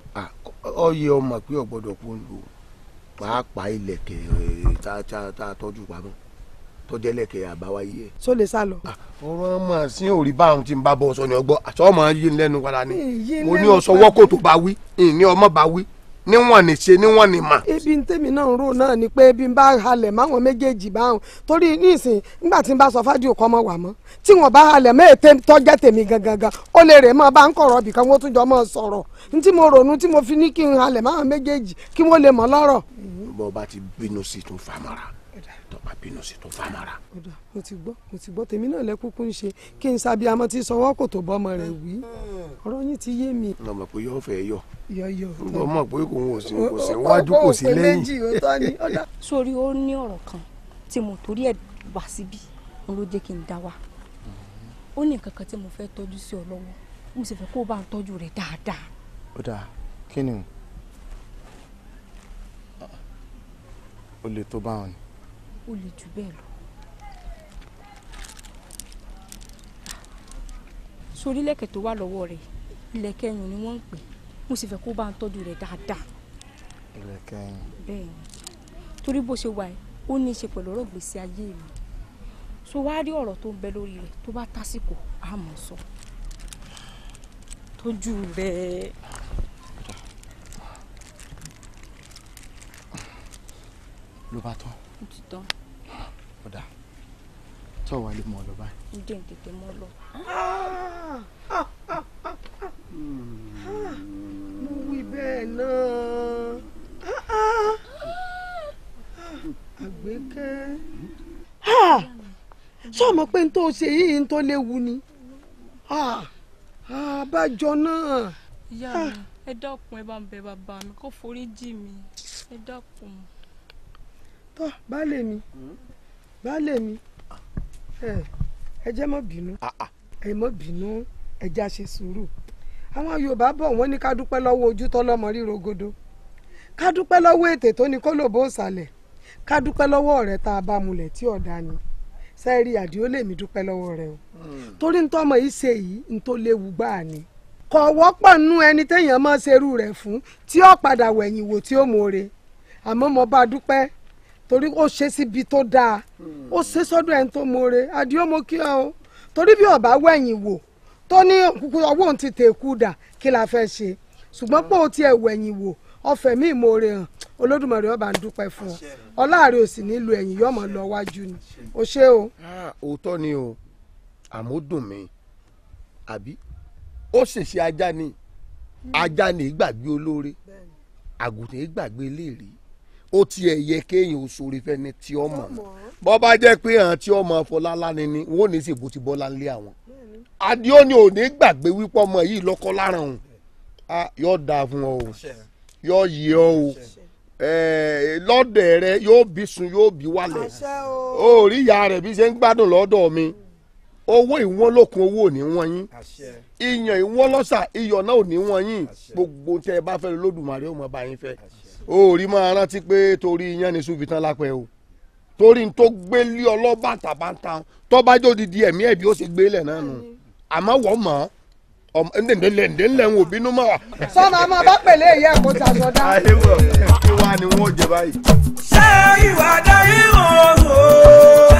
ọyẹ ọmọ pé ọgbọdọ kó lò pàápàá ilẹ̀kẹ̀ eh, tá a tọ́jú pamọ́ tó jẹ́ lẹ́kẹ̀ àbáwáyé ẹ̀. só lè sá lọ. Ah, ọ̀rọ̀ ọmọ sí òrí báwọn ti ń bá bọ̀ ọ̀sọ̀ ni ọgbọ́ àti ọmọ yìí ń lẹ́nu padà ni mo ní ọsọ wọ́kò tó bá wí ìní ọmọ bá wí níwọ̀n ní ṣe níwọ̀n ní mà. ibi tèmi náà ń rò náà ni pé ibi ń bá halẹ̀ máwọn méjèèjì báwọn torí nísìn nígbà tí ń bá sọ fádìí òkọ́ mọ̀ wà mọ́ tí wọ́n bá halẹ̀ méèté tọ́jẹ́ tèmi gangan ó lè rè mọ́ bá ń kọ̀rọ̀ bìkan wọ́n tún jọ mọ́ sọ̀rọ̀ ní tí mo rònú tí mo fi ní kí n halẹ̀ máwọn méjèèjì kí wọ́n lè mọ̀ lọ́rọ̀. bọ́ọ̀ bá ti bínú sí tún fàmọ́ra bá bínú sí tó fà mọ́ra. mo ti gbọ́ mo ti gbọ́ tèmi náà lẹ́kúnkún ṣe kí n sábì amọ́ ti sọwọ́ kò tó bọ́mọ rẹ̀ wí ọ̀rọ̀ yín ti yé mi. lọ mọ̀ pé yọ fẹ́ yọ lọ mọ̀ pé kò wọ́n sí kò sí wájú kò sí lẹ́yìn. (laughs) sórí ó ní ọ̀rọ̀ kan tí mo torí ẹ̀ wá síbí òun ló jẹ́ kí n dá wa ó ní nǹkan kan mo fẹ́ tọ́jú sí ọ lọ́wọ́ mo sì fẹ́ kó o bá ń tọ́jú dáadáa. ó dáa kí ni o lè tó báwọn ni ó le jù bẹ́ẹ̀ lọ. Ah. sórí lẹ́kẹ̀ tó wà lọ́wọ́ rẹ̀ ìlẹ̀kẹ̀ ẹyùn ni wọ́n ń pè mo sì fẹ́ kó bá ń tọ́jú rẹ̀ dáadáa. ìlẹ̀kẹ̀ ẹyùn. bẹ́ẹ̀ ni torí bó ṣe wà ẹ́ ó ní í ṣe pẹ̀lú ọ̀rọ̀ gbèsè ayé mi so wá rí ọ̀rọ̀ tó ń bẹ lórí rẹ̀ tó bá tásìkò á mọ̀ sọ tọ́jú rẹ̀. ló bá tán ó ti tán. ọ̀dà tó wà lè mọ ọ lọ báyìí. ń jẹ́ ń tètè mọ́ lọ. mo wí bẹ́ẹ̀ náà àgbékẹ́. ṣé ọmọ pé n tó ṣe yìí n tó léwu ni àbájọ náà. ìyá mi ẹ dákun ẹ bá ń bẹ bàbá mi kó forí jì mí ẹ dákun. Ah, baálé mi hmm? baálé mi ah. eh, ẹ jẹ́ mọ́ bínú ah, ẹ mọ́ bínú ẹ já ṣe sùúrù àwọn Yorùbá bọ̀ wọ́n ní ká dúpẹ́ lọ́wọ́ ojú tọ́lọ́mọ ríro godo ká dúpẹ́ lọ́wọ́ ètè tó ní kólòbó òsàlẹ̀ ká dúpẹ́ lọ́wọ́ ọ̀rẹ́ tá a bá mulẹ̀ tí ọ̀dà ni sẹ́ẹ̀rì àdìó lè mí dúpẹ́ lọ́wọ́ rẹ o hmm. torí ń tọ́mọ yìí ṣe yìí ń tó léwu gbáà ni kò wọ́pọ̀ nú ẹni téèyàn máa ṣerú rẹ̀ fún tí ó padà wẹ̀yìn wò tí ó mọ̀ọ́re àmọ́ mo bá dúpẹ́ torí ó ṣe síbi tó dáa ó ṣe sọ́dọ̀ ẹni tó mọre adiomo kí ọ o torí bí ọba wẹ̀yìn wò tó ní òkúkú ọwọ́ òun ti tèkú dà kí la fẹ́ ṣe ṣùgbọ́n pé o tiẹ̀ wẹ̀yìn wò ọfẹ mi ìmoore hàn olódùmarè ọba ń dúpẹ́ fún ọ ọláàrẹ ò sì nílò ẹ̀yìn yọmọ lọ wájú ni o ṣé o. òótọ́ ni o àmọ́ dùn mí àbí ó ṣèṣe ajá ni ajá ni ìgbàgbé olóore àgùntàn ìgbàgbé léèrè ó tiẹ̀ yẹ kéèyàn ò sórí fẹ́ni tí ó mọ̀ bọ́ bá jẹ́ pé àwọn tí ó mọ̀ Fọlálá ni ni wọ́n ní sèbó ti bọ́ láńlé àwọn Àdìó ni ò ní gbàgbé wípé ọmọ yìí lọ́kọ́ lára òun yóò dáa fún ọ o yóò yẹ ọ o lọ́dẹ̀ rẹ yóò bí sun yóò bí wálẹ̀ ó rí ìyá rẹ̀ bí ṣe ń gbádùn lọ́dọ̀ mi owó ìwọ́n lókun owó ò ní wọ́n yín iyàn ìwọ́n lọ́sà iyọ̀ náà ò ní wọ́n yín gbogbo tẹ́ ẹ bá fẹ́ lódùmarè ó bá yín fẹ́ o ò rí máa rántí pé torí iyán ni ṣùbí tán lápẹ́ o torí tó gbé lé ọlọ́ba tàbántà tọ́bájọ́ didi ẹ̀mí ẹ̀bí ó sì gbé lẹ̀ náà nù àmọ́ wọ́n mọ̀ ọmọ ndéndéle ndéndéle ń wo bínú mọ́ wa. sọ́nà ọmọ bá pèlè ìyá ẹ̀kọ́ ta sọ́dá. àyẹ̀wò ìwà ni wọ́n jẹ báyìí. ṣé ìwà darí òun o.